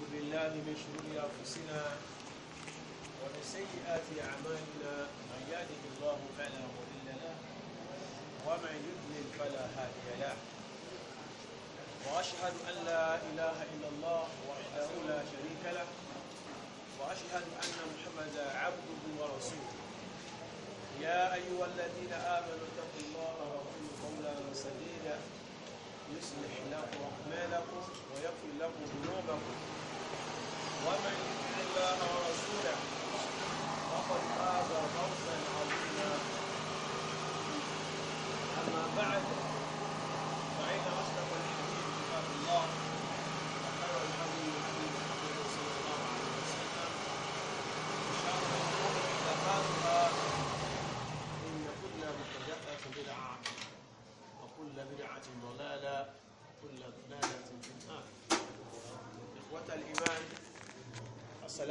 نعوذ بالله من شرور أنفسنا ومن سيئات أعمالنا من يهده الله فلا مضل له ومن يضلل فلا هادي له وأشهد أن لا إله إلا الله وحده لا شريك له وأشهد أن محمدا عبده ورسوله يا أيها الذين آمنوا اتقوا الله وقولوا قولا سديدا يصلح لكم أعمالكم ويغفر لكم ذنوبكم ومن يطع الله ورسوله فقد فاز فوزا عظيما أما بعد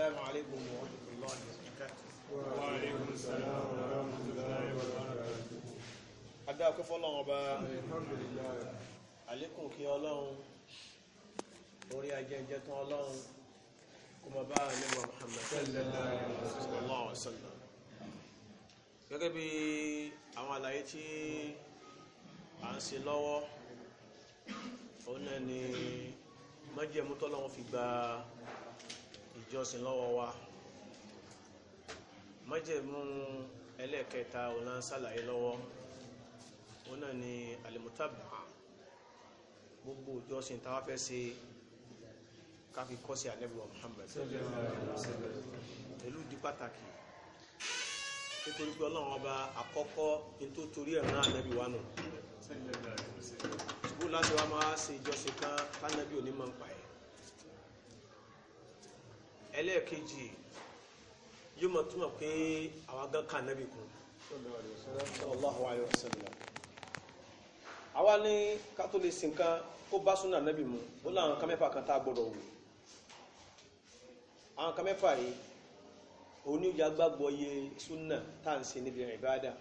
السلام عليكم ورحمة الله وبركاته وعليكم السلام الله وبركاته adá akọ́fọ́ ọlọ́run ọba àlékún kí ọlọ́run orí ajẹ́jẹ́ tán ọlọ́run kó mọ̀ bá àlébọ̀ Muhammad sallallahu alaihi wasallam gẹ́gẹ́ bí àwọn àlàyé tí a ń ṣe lọ́wọ́ òun náà ni májẹ̀mú tọ́lọ́run fi gba ìjọsìn lọ́wọ́ wa májẹ̀mú ẹlẹ́ẹ̀kẹta ọ̀nà sàlàyé lọ́wọ́ ọ̀nà ni alimutaba gbogbo ìjọsìn táwa fẹ́ ṣe káfí kọ́ alẹ́bùwà Muhammad pẹ̀lú di pàtàkì nítorí pé ọlọ́run ọba àkọ́kọ́ tó torí ẹ̀rọ ànẹ́bí wa nù ṣùgbọ́n láti wá máa ṣe ìjọsìn kan kánẹ́bí ò ní mọ̀ ń ẹlẹ́ẹ̀kejì yóò mọ̀ túmọ̀ pé àwọn gan kan nábì kún sallallahu alaihi wasallam àwa ní kátólì sìnkan ó bá súnà nábì mu ó láwọn kan mẹ́fà kan tá a gbọ́dọ̀ wò àwọn kan mẹ́fà yìí òun ni ó yà gbàgbọ́ iye súnà tá à ń ṣe níbi ìbádà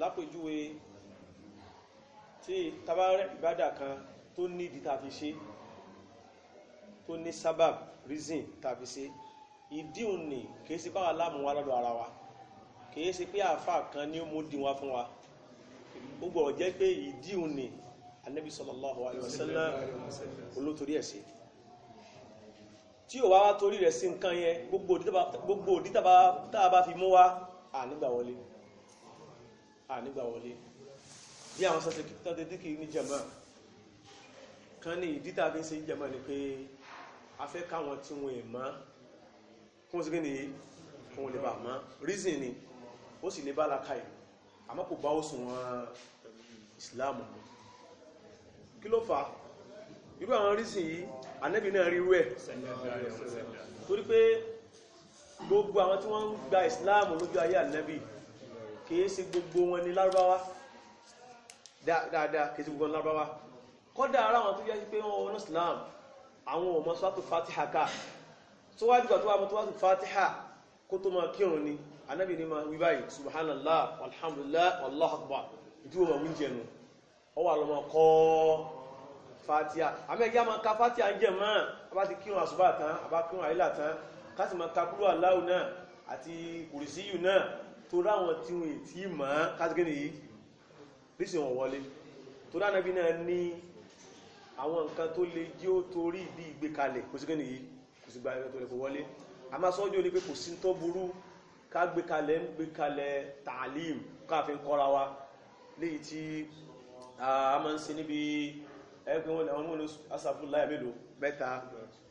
lápèjúwe tí tabarẹ́ ìbádà kan tó nídìí tá a fi ṣe é tó ní sábàb reason tàbí ṣe ìdíhùn ni kìí ṣe báwa láàmú wa lọ́dọ̀ ara wa kìí ṣe pé àáfà kan ni ó mú dín wa fún wa gbogbo ọ̀jẹ́ pé ìdíhùn ni anabi sallallahu alayhi wa sallam olótorí ẹ̀ ṣe tí ò wá wá torí rẹ̀ sí nǹkan yẹn gbogbo òdí tá a bá fi mú wa ànígbà wọlé ànígbà wọlé bí àwọn sọ́sẹ̀ tọ́tẹ́ díkì ní jàmáà kan ní ìdí tá a fi ń ṣe jàmáà ni pé afẹ́ káwọn tí wọ́n è mọ́ kún sí gíní kún lè bà mọ́ reason ni ó sì lè bá laka ẹ̀ àmọ́ kò bá òsùn wọn Islam kí ló fà irú àwọn reason yìí anẹ́bì náà rí rú ẹ̀ torí pé gbogbo àwọn tí wọ́n ń gba Islam lójú ayé anẹ́bì kìí ṣe gbogbo wọn ní lárúbáwá dáadáa kìí ṣe gbogbo wọn lárúbáwá kọ́dà ara wọn tó yá sí pé wọ́n wọ́n Islam àwọn ọmọ sọ́tù fatiha ká tó wá dìgbà tó wá mọ́ tó wá tó fatiha kó tó máa kírun ni anábì ní máa wí báyìí subhanallah alhamdulillah wallahu akbar ìdíwò máa wí jẹnu ọ wà lọ́mọ kọ́ fatiha amẹ́gí a máa ka fatiha ń jẹ máa a bá ti kírun àṣùbà tán a bá kírun àyílà tán ká sì máa ka kúrò aláwò náà àti kùrìsíyù náà tó ráwọn tí wọn wọlé tó rá náà ní àwọn nǹkan tó lè jí ó torí ìdí ìgbékalẹ̀ kò sí kí nìyí kò sí gba ẹ̀rọ tó lè kó wọlé àmọ́ sọ́jọ́ ni pé kò sí tó burú ká gbékalẹ̀ ń gbékalẹ̀ tààlìm káàfin kọ́ra wa léyìí tí a máa ń ṣe níbi ẹgbẹ́ wọn àwọn olóòlù asàfúnláyà mélòó mẹ́ta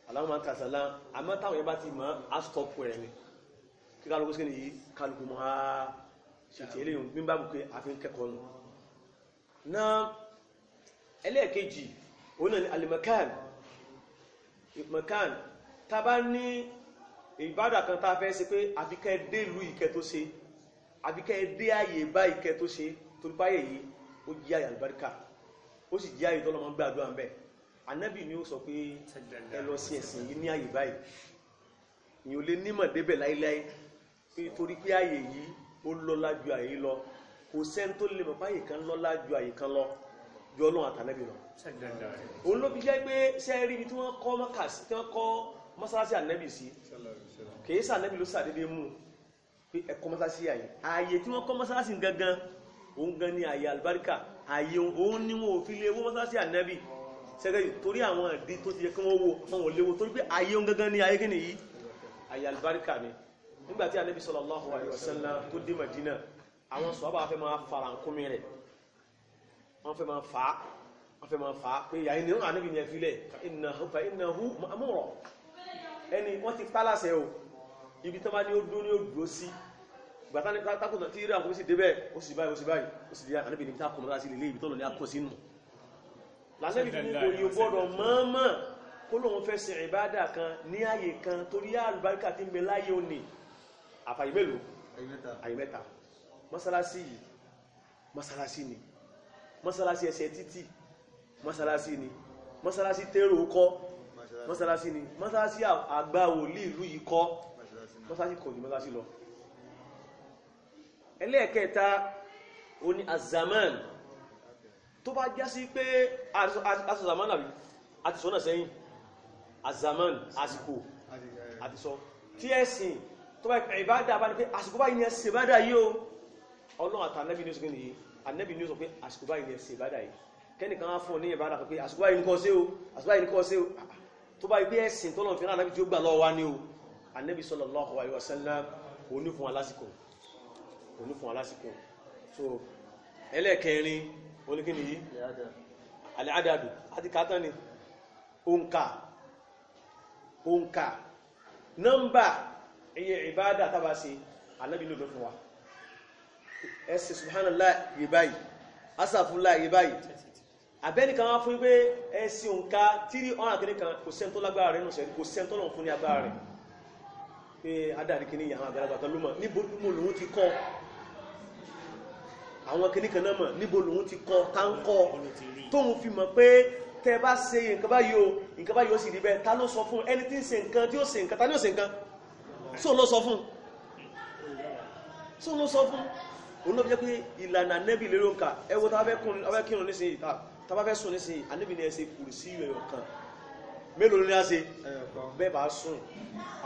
aláwọ̀ máa ń kàṣàlá àmọ́ táwọn yẹn bá ti mọ̀ á stọ́pù rẹ̀ ni kí kálukú sí nìyí kálukú mọ́ á ṣètì eléyìí bí bá bù pé àfi kẹ́kọ̀ọ́ òun ni alimakan makan ta bá ní ìbádà kan tá a fẹ́ ṣe pé àfikẹ́ dé ìlú ìkẹ́ tó ṣe àfikẹ́ dé àyè bá ìkẹ́ tó ṣe torí báyẹ̀ yìí ó jí àyè àlùbáríkà ó sì jí àyè tọ́lọ́mọ gbàdúrà ń bẹ̀ anábì ni ó sọ pé ẹ lọ sí ẹ̀sìn yìí ní àyè báyìí ìyẹn ò lè nímọ̀ débẹ̀ láíláí pé torí pé àyè yìí ó lọ́lá ju àyè lọ kò sẹ́ni tó lè mọ̀ báyìí kan lọ́lá ju àyè kan lọ ju ọlọ́run àtànẹ́bì lọ òun ló fi jẹ́ pé sẹ́ẹ̀rí ibi tí wọ́n kọ́ mọ́kàsí tí wọ́n kọ́ mọ́sálásí ànẹ́bì sí kìí sànẹ́bì ló sàdédé mú pé ẹ̀kọ́ mọ́sálásí àyè ààyè tí wọ́n kọ́ mọ́sálásí gangan òun gan ni ààyè àlùbáríkà ààyè òun ni wọn ò fi lé owó mọ́sálásí ànẹ́bì sẹ́gẹ́dì torí àwọn ìdí tó ti yẹ kí wọ́n wo wọn ò léwo torí pé ààyè òun gangan ni ààyè kí nìyí ààyè àlùbáríkà ni nígbà tí ànẹ́bì sọ̀rọ̀ bá wọ́n fẹ́ máa fà á wọ́n fẹ́ máa fà á pé ìyá ẹni náà níbi ní ẹ̀fílẹ̀ ìnáhùfà ìnáhù amúrọ̀ ẹni wọ́n ti pa láṣẹ o ibi tó bá ní ó dún ní ó dúró sí gbàtà ní pátákùn tí ìrìn àkóso débẹ̀ ó sì báyìí ó sì báyìí ó sì díyà níbi níbi tá kọ̀ọ̀mọ́ láti ilé ibi tó lọ ní àkóso inú làṣẹ́bí fún kò yí gbọ́dọ̀ mọ́ọ́mọ́ kó lóun fẹ́ sin ìbádà kan ní ààyè kan torí àlùbáríkà tí ń bẹ láyé òní àfàyè mélòó àyè mẹ́ta mọ́sálásí yìí mọ́sálásí ni mọ́sálásí ẹsẹ̀ títì mọ́sálásí ni mọ́sálásí tẹ́rò kọ́ mọ́sálásí ni mọ́sálásí àgbà wòlí ìlú yìí kọ́ mọ́sálásí kò ní mọ́sálásí lọ ẹlẹ́ẹ̀kẹta o ní azaman tó bá já sí pé azaman àbí àti sọ́nà sẹ́yìn azaman àsìkò àti sọ tí ẹ̀sìn tó bá ìbádà bá ní pé àsìkò báyìí ni ẹ̀sìn ìbádà yìí o ọlọ́run àtànẹ́bí ní oṣù kìnnìyàn anẹ́bì ní ó sọ pé àsìkò báyìí ni ẹ̀sìn ìbádà yìí kẹ́nìkan á fún ọ ní ìbádà pé àsìkò báyìí nǹkan ṣe o àsìkò báyìí nǹkan ṣe o tó bá gbé ẹ̀sìn tọ́lọ̀ fi ránà tí ó gbà lọ́wọ́ wá ní o anẹ́bì sallallahu alaihi wasallam òní fún alásìkò òní fún alásìkò so ẹlẹ́ẹ̀kẹrin oníkíni yìí alẹ́ àdàdù àti kátán ni òǹkà òǹkà nọ́mbà iye ìbádà tábà ṣe anẹ́bì ló fún wa ẹsẹ̀ subhanallah yìí báyìí asàfúnlá yìí báyìí abẹ́nìkan wá fún pé ẹsẹ̀ òǹkà tírí ọ̀ràn kìíní kan kò sẹ́ni tó lágbára rẹ̀ nùsẹ̀ kò sẹ́ni tó lọ́n fún ní agbára rẹ̀ pé adarí kìíní yà àwọn àgbàlagbà kan ló mọ̀ níbo mo lòun ti kọ́ àwọn kìíní kan náà mọ̀ níbo lòun ti kọ́ tá tóun fi mọ̀ pé tẹ bá ṣe nǹkan báyìí o nǹkan báyìí ó sì rí bẹ́ẹ̀ ta ló sọ fún ẹni tí ń ṣe nǹkan tí ó ṣe nǹkan ta ni ó ṣe nǹkan sóun ló sọ fún sóun ló sọ fún olóbi jẹ́ pé ìlànà anẹ́bì lérò nǹkan ẹwọ tàbá kírun taba tàbá sun sùn nísìnyí ale bi ẹsẹ̀ kùrù sí ẹ̀yọ̀ kan mélòó ní a ṣe bẹ́ẹ̀ bá sùn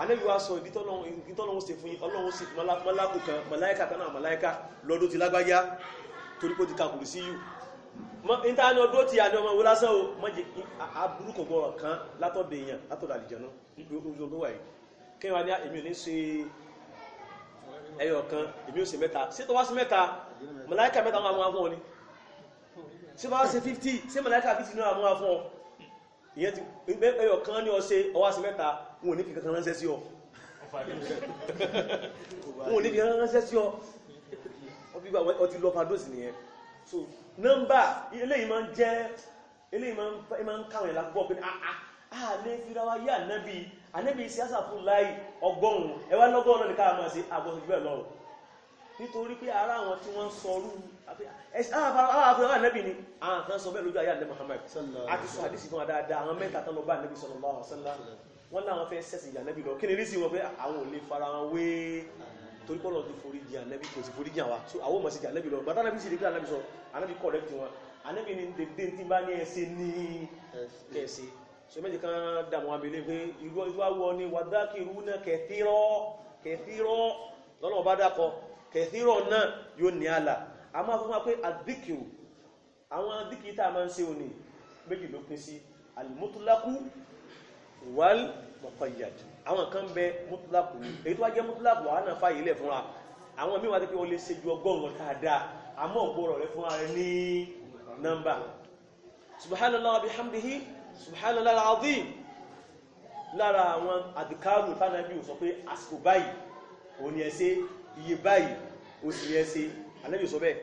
anẹ́bì wa sọ ìdítọ́lọ́hún ṣe fún yín ọlọ́hún sì mọ́lákù kan màláíkà kan náà màláíkà lọ́dún ti lagbaya torí ti ka kùrù sí yù níta ni ọdún ti àdé ọmọ ìwé o kan ẹyọ kan èmi ò sí mẹ́ta sí tó wá sí mẹ́ta màláíkà mẹ́ta wọn àwọn afún ọ ni sí bá sí 50 sí màláíkà 50 náà àwọn afún ọ ìyẹn ti ẹyọ kan ní ọsẹ ọwá sí mẹ́ta wọn ò ní fi kankan ránṣẹ́ sí ọ wọn ò ní fi kankan ránṣẹ́ sí ọ ọbí gbà ọ ti lọ padòsì nìyẹn so nọ́mbà eléyìí máa ń jẹ́ eléyìí máa ń káwọn ìlà gbọ́ pé ah, ah, ah, lè fi ra wa yé ànábì anẹ́bí sí àṣàfún láì ọgọ́rùn-ún ẹwà lọ́gọ́rùn-ún ní káàmà sí agbọ́sọ̀júbẹ̀ lọ́rùn nítorí pé ara àwọn tí wọ́n sọrú àwọn anẹ́bí ni àwọn kan sọ bẹ́ẹ̀ lójú ayé àdẹ́ Muhammad àti sọ àdísì fún àdáadáa àwọn mẹ́ta tán lọ bá anẹ́bí sallallahu alaihi wasallam wọ́n láwọn fẹ́ sẹ́sì ìyànẹ́bí lọ kí ni rí sí wọn pé àwọn ò lè fara wọn wé torí pọ́lọ̀ ti forí jì ànẹ́bí kò sì forí jì àwa so àwọn ò mọ̀ sí ìyànẹ́bí lọ gbàtà anẹ́bí sì rí pé anẹ́bí sọ anẹ́bí correct wọn anẹ́bí ni dèdè tí bá ní ẹsẹ̀ ní kẹsẹ̀ sọmẹ́jì kan dàmú abèlé pé irú awọ ni wàdákì irú náà kẹfìrọ kẹfìrọ lọ́nà ọba dákọ kẹfìrọ náà yóò ní àlà a máa fún wa pé àdíkìrù àwọn àdíkìrì tá a máa ń ṣe òní méjì ló pín sí alimutulaku wal muqayyad àwọn kan bẹ mutulaku ni èyí tó wá jẹ́ mutulaku àwọn náà fàyè ilẹ̀ fúnra àwọn míì wá ti pé wọ́n lè ṣe ju ọgọ́rùn-ún dáadáa àmọ́ ògbó rẹ̀ fúnra rẹ̀ ní nọ́mbà subhanallah wa bihamdihi subhanallah aladim. azim lára àwọn àdìkárù tánàbí sọ pé àsìkò báyìí o ní ẹsẹ́ iye báyìí o sì ní ẹsẹ́ alẹ́bí sọ bẹ́ẹ̀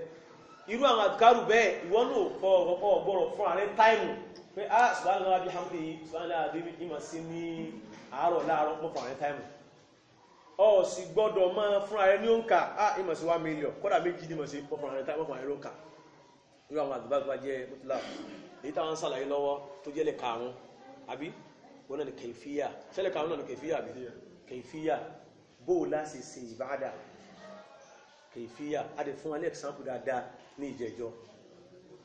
irú àwọn àdìkárù bẹ́ẹ̀ ìwọ́n náà kọ́ ọ̀pọ̀ ọ̀gbọ́rọ̀ fún ààrẹ táìmù pé a ah, subhanallah bí hamdi subhanallah bí ìmọ̀ sí ní àárọ̀ láàárọ̀ pọ̀ fún ààrẹ táìmù ọ sì gbọ́dọ̀ máa fún ààrẹ ní òǹkà a ah, ìmọ̀ sí 1 million kọ́dà méjì ní ìmọ̀ sí èyí táwọn sàlàyé lọ́wọ́ tó jẹ́ lè karùn-ún àbí wọn náà ni kẹfíyà sẹ́lẹ̀ karùn-ún náà ni kẹfíyà àbí kẹfíyà bó o láti ṣe ìbáadà kẹfíyà a dẹ̀ fún alẹ́ ẹ̀sánpù dáadáa ní ìjẹjọ́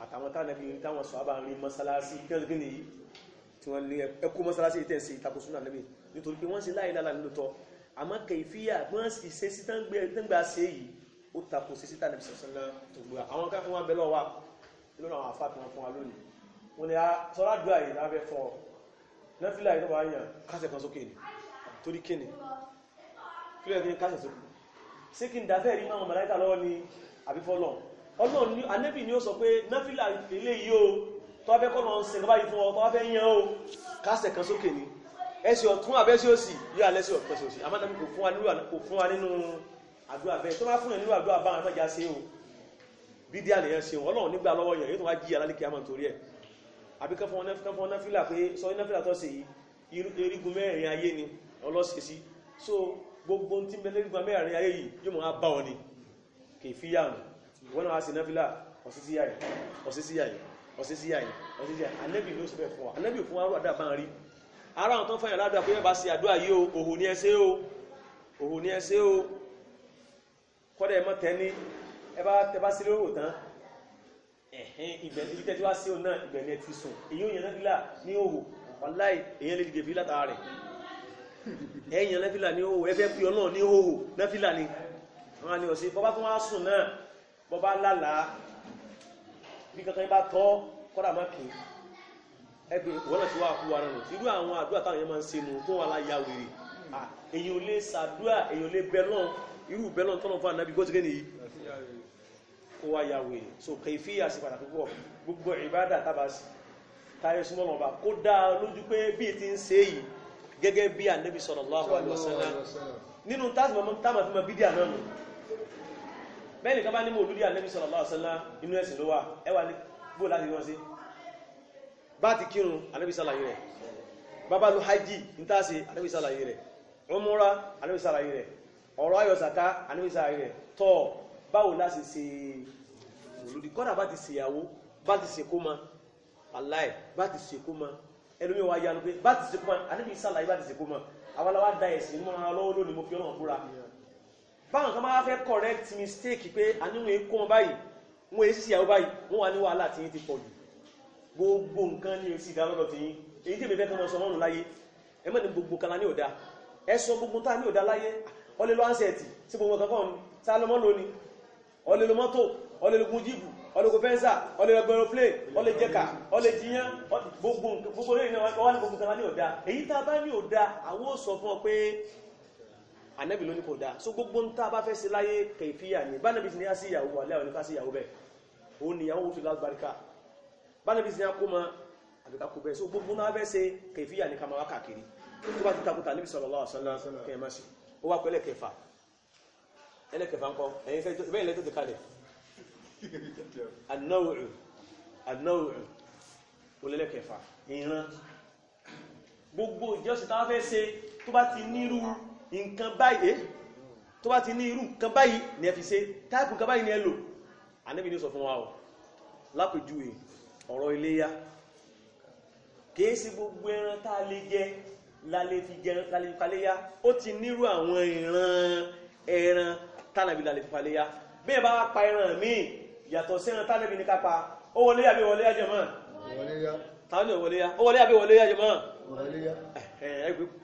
àtàwọn tánàbí táwọn sọ àbá rin mọ́sálásí kẹ́lẹ́gẹ́ nìyí tí wọ́n ní ẹkú mọ́sálásí ìtẹ̀ sí ìtakùsùn àlẹ́bí nítorí pé wọ́n ṣe láì lálàá nílò tọ́ àmọ́ kẹfíyà wọ́n sì ṣe sí tángbà ṣe àwọn káfíńwá bẹ́lọ́ wa lọ́nà àwọn àfáà tí wọ́n wọ́n ni a ah, sọ́rọ̀ àdúrà yìí lábẹ́ fún ọ nẹ́fílà yìí tó bá yàn kásẹ̀ kan sókè ní torí kíni kílẹ̀ ní kásẹ̀ sókè sí kí n dáfẹ́ rí máa màláìkà lọ́wọ́ ni àbífọ́lọ̀ ọlọ́run anẹ́bì ni ó sọ pé nẹ́fílà ilé yìí o tó bá fẹ́ kọ́ lọ́n sẹ̀ lọ́bá yìí fún ọ tó bá fẹ́ yàn o kásẹ̀ kan sókè ní ẹsẹ̀ ọ̀tún abẹ́sẹ̀ òsì yóò alẹ́sẹ̀ ọ̀tún òsì amátàbí kò fún wa nínú àdúrà bẹ́ẹ̀ tó bá fún yàn nínú àdúrà bá àwọn ọmọ ìjà sí o bídíà nìyẹn sí o ọlọ́run nígbà lọ́wọ́ yàn yóò tó wá jí alálẹ́kẹ́ àmọ́ torí ẹ̀ àbí kánfọ́n náfílà pé sọ náfílà tó ṣe yìí erigun mẹ́rin ayé ni ọlọ́sẹsí so gbogbo tí mẹ́lẹ́ erigun mẹ́rin ayé yìí yóò máa bá ọ ni kèfíyàmù wọ́n náà ṣe náfílà ọ̀sísíyàyì ọ̀sísíyàyì ọ̀sísíyàyì ọ̀sísíyàyì anẹ́bì ló fẹ́ fún wa anẹ́bì fún wa rọ̀dà bá ń rí ara àwọn tó fẹ́yàn ládùá pé yẹ́ bá ṣe àdúrà yìí o òhò ní ẹsẹ́ o òhò ní ẹsẹ́ o kọ́dẹ̀ mọ́ ẹ̀hẹ́n ibẹ̀ ibi tẹ́tí wá sí ọ̀nà ibẹ̀ ní ẹtí sùn èyí ò yẹn náfìlà ní òwò wàláì èyàn lè dìde fìlà tàà rẹ̀ ẹ̀yàn náfìlà ní òwò ẹfẹ́ fi ọ̀nà ní òwò náfìlà ni wọ́n ni ọ̀sẹ̀ bọ́bá tó wá sùn náà bọ́bá lálàá bí kankan bá tọ́ kọ́dà má kì í ẹgbẹ́ ìwọ́n náà ti wá kú ara nù irú àwọn àdúrà táwọn yẹn máa ń ṣe nù tó wà láyà wèrè èyàn lè ṣàdúrà èyàn lè bẹ náà irú bẹ náà tọ́nà fún ànábì gbọ́sẹ̀gẹ́ nìyí kó ya wèrè so kèfíyà sí pàtàkì púpọ̀ gbogbo ìbádà tábàsì táyé súnmọ́ lọ́ba ko dá loju pe bí ti n ṣe yìí gẹ́gẹ́ bí ànábì sallallahu alaihi wasallam nínú táàmà fi mọ bídíà náà nù bẹ́ẹ̀ nìkan bá ní mòlúdí ànábì sallallahu alaihi wasallam inú lo wa wà ẹwà ní gbó láti wọ́n sí ti kírun ànábì sàlàyé rẹ̀ lu umura báwo la ṣe ṣe olùdí kọ́dà bá ti ṣèyàwó bá ti ṣèkó ma aláì bá ti ṣèkó ma ẹlòmí wa yanu pé bá ti ṣèkó ma àníbi ìsàlàyé bá ti ṣèkó ma àwọn aláwa da ẹ̀sìn mọ́ ara lọ́wọ́ lónìí mo fi ọ̀nà búra báwọn kan máa fẹ́ correct mistake pé àníwọ̀n èkó wọn báyìí wọn èsì ṣèyàwó báyìí wọn wà ní wàhálà tí yín ti pọ̀ jù gbogbo nǹkan ní èsì ìdálọ́dọ̀ tí yín èyí tí èmi fẹ́ kọ́ mọ́ sọ mọ́rùn láyé ẹ mọ́ ní gbogbo kan ní ọ̀dà ẹ sọ gbogbo tá ní ọ̀dà láyé ọlẹ́lọ́ ansẹ̀tì sí ó lè lo mọ́tò ó lè lo gun jíìpù ó lè lo fẹ́ńsà ó lè lo gbẹrọflé ó lè jẹka ó lè jiyán gbogbo gbogbo lóyìn náà wọ́n ní gbogbo tàbá ní ọ̀dá èyí tàbá ní ọ̀dá àwọn ò sọ fún ọ pé ànábì ló ní kò dá so gbogbo ń tàbá fẹ́ ṣe láyé kẹfíyà ní bánàbì ti ní á sí ìyàwó wà lẹ́wọ̀n ní ká sí ìyàwó bẹ́ẹ̀ ó ní ìyàwó fi lálùbáríkà bánàbì ti ní á kó mọ àbíká kó bẹ́ẹ̀ so gbogbo náà fẹ́ ṣe kẹfíyà ní kàmáwá káàkiri tó bá ti takuta níbi sallallahu alaihi wasallam kẹ́ẹ̀ má ṣe ó wá pẹ́lẹ̀ kẹfà ẹlẹ́kẹfà ńkọ́ ẹ̀yin fẹ́ bẹ́ẹ̀ lẹ́tọ́ ti kalẹ̀ anáwòrán anáwòrán olẹ́lẹ́kẹfà ìran gbogbo ìjọsìn tá a fẹ́ ṣe tó bá ti nírú nǹkan báyìí eh, tó bá ti ní irú nǹkan báyìí ni ẹ fi ṣe táàpù nǹkan báyìí ni ẹ lò ànábì ní sọ fún wa o lápèjúwe ọ̀rọ̀ iléyá kìí sí gbogbo ẹran tá a lè jẹ lálé fi jẹran lálé fi paléyá ó ti nírú àwọn ìran ẹran tánàbí lálẹ́ fífa léyá bí ẹ bá wá pa ẹran míì yàtọ̀ sí ẹran tánàbí ní kápá ó wọlé yàbí wọlé yàjọ mọ́ tánàbí wọlé yá ó wọlé yàbí wọlé yàjọ mọ́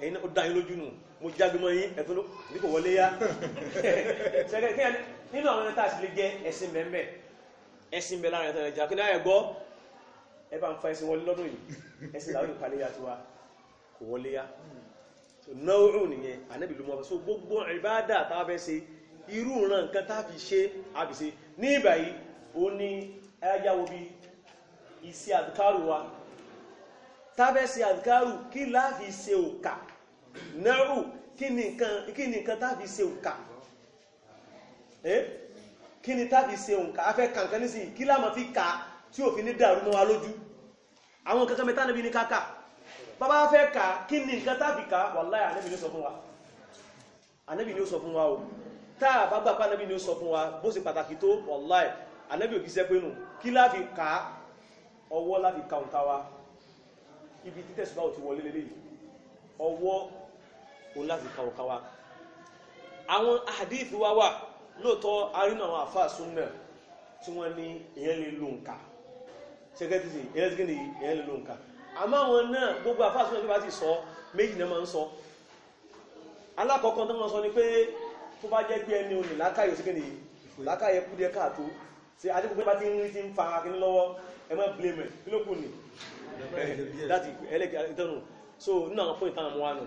ẹ̀yìn ó dá yín lójú nù mo jágbé mọ́ yín ẹ̀tún ló ní kò wọlé yá nínú àwọn ẹ̀ta sì lè jẹ́ ẹ̀sìn mẹ́mẹ́ ẹ̀sìn bẹ̀ láàrin ẹ̀tọ́ ẹ̀jà kí náà ẹ̀gbọ́ ẹ bá ń fa ẹ̀sìn wọlé lọ́dún yìí ẹ̀sìn láwọn ìpàlẹ̀ yá tiwa kò wọlé yá náà ó nìyẹn ànábì mọ́ fẹ́ so gbogbo ìbáàdà táwọn fẹ́ ṣe irú ìran nǹkan tá fi ṣe àbìṣe ní ìbàyí ó ní ẹjáwó bí iṣẹ́ àdìkárù wa tábẹ́sí àdìkárù kí láàfi ṣe òkà náírù kí ni nǹkan táàfi ṣe òkà kí ni táàfi ṣe òǹkà afẹ́ kankan nísìnyí kí láàmà fi kà tí òfin ní dàrú mọ́ wa lójú àwọn kankan mẹ́ta níbi ní káka bàbá fẹ́ kà kí ni nǹkan táàfi kà wàláhì ànábì ní wa ànábì ní sọ fún wa o táà bá gbà pánàbí ni ó sọ fún wa bó ṣe pàtàkì tó wàláì ànábì òkìṣẹ́ pé nù kí láfi ká ọwọ́ láfi kàùntà wa ibi títẹ̀sùbá ò ti wọlé lélẹ̀ ọwọ́ o láti kàùntà wa àwọn àdíìfì wa wà lóòtọ́ arínà àwọn àfáà súnnà tí wọ́n ní èyàn lè lo nǹka ṣẹgẹ́tìsì èyàn lè èyàn lè lo nǹka àmọ́ àwọn náà gbogbo àfáà súnnà tí wọ́n ti sọ méjì náà máa ń sọ alákọ̀ọ́kọ́ tó máa sọ ni pé tó bá jẹ́ pé ẹni òní lákàyè sí kìnnìyàn lákàyè kú káàtó ṣe àdínkù bá ti ń rí ti ń fa akíní lọ́wọ́ ẹ blame ẹ̀ kí ní láti ẹlẹ́gẹ̀ ìtọ́nù so nínú àwọn fún ìtànà wọn nù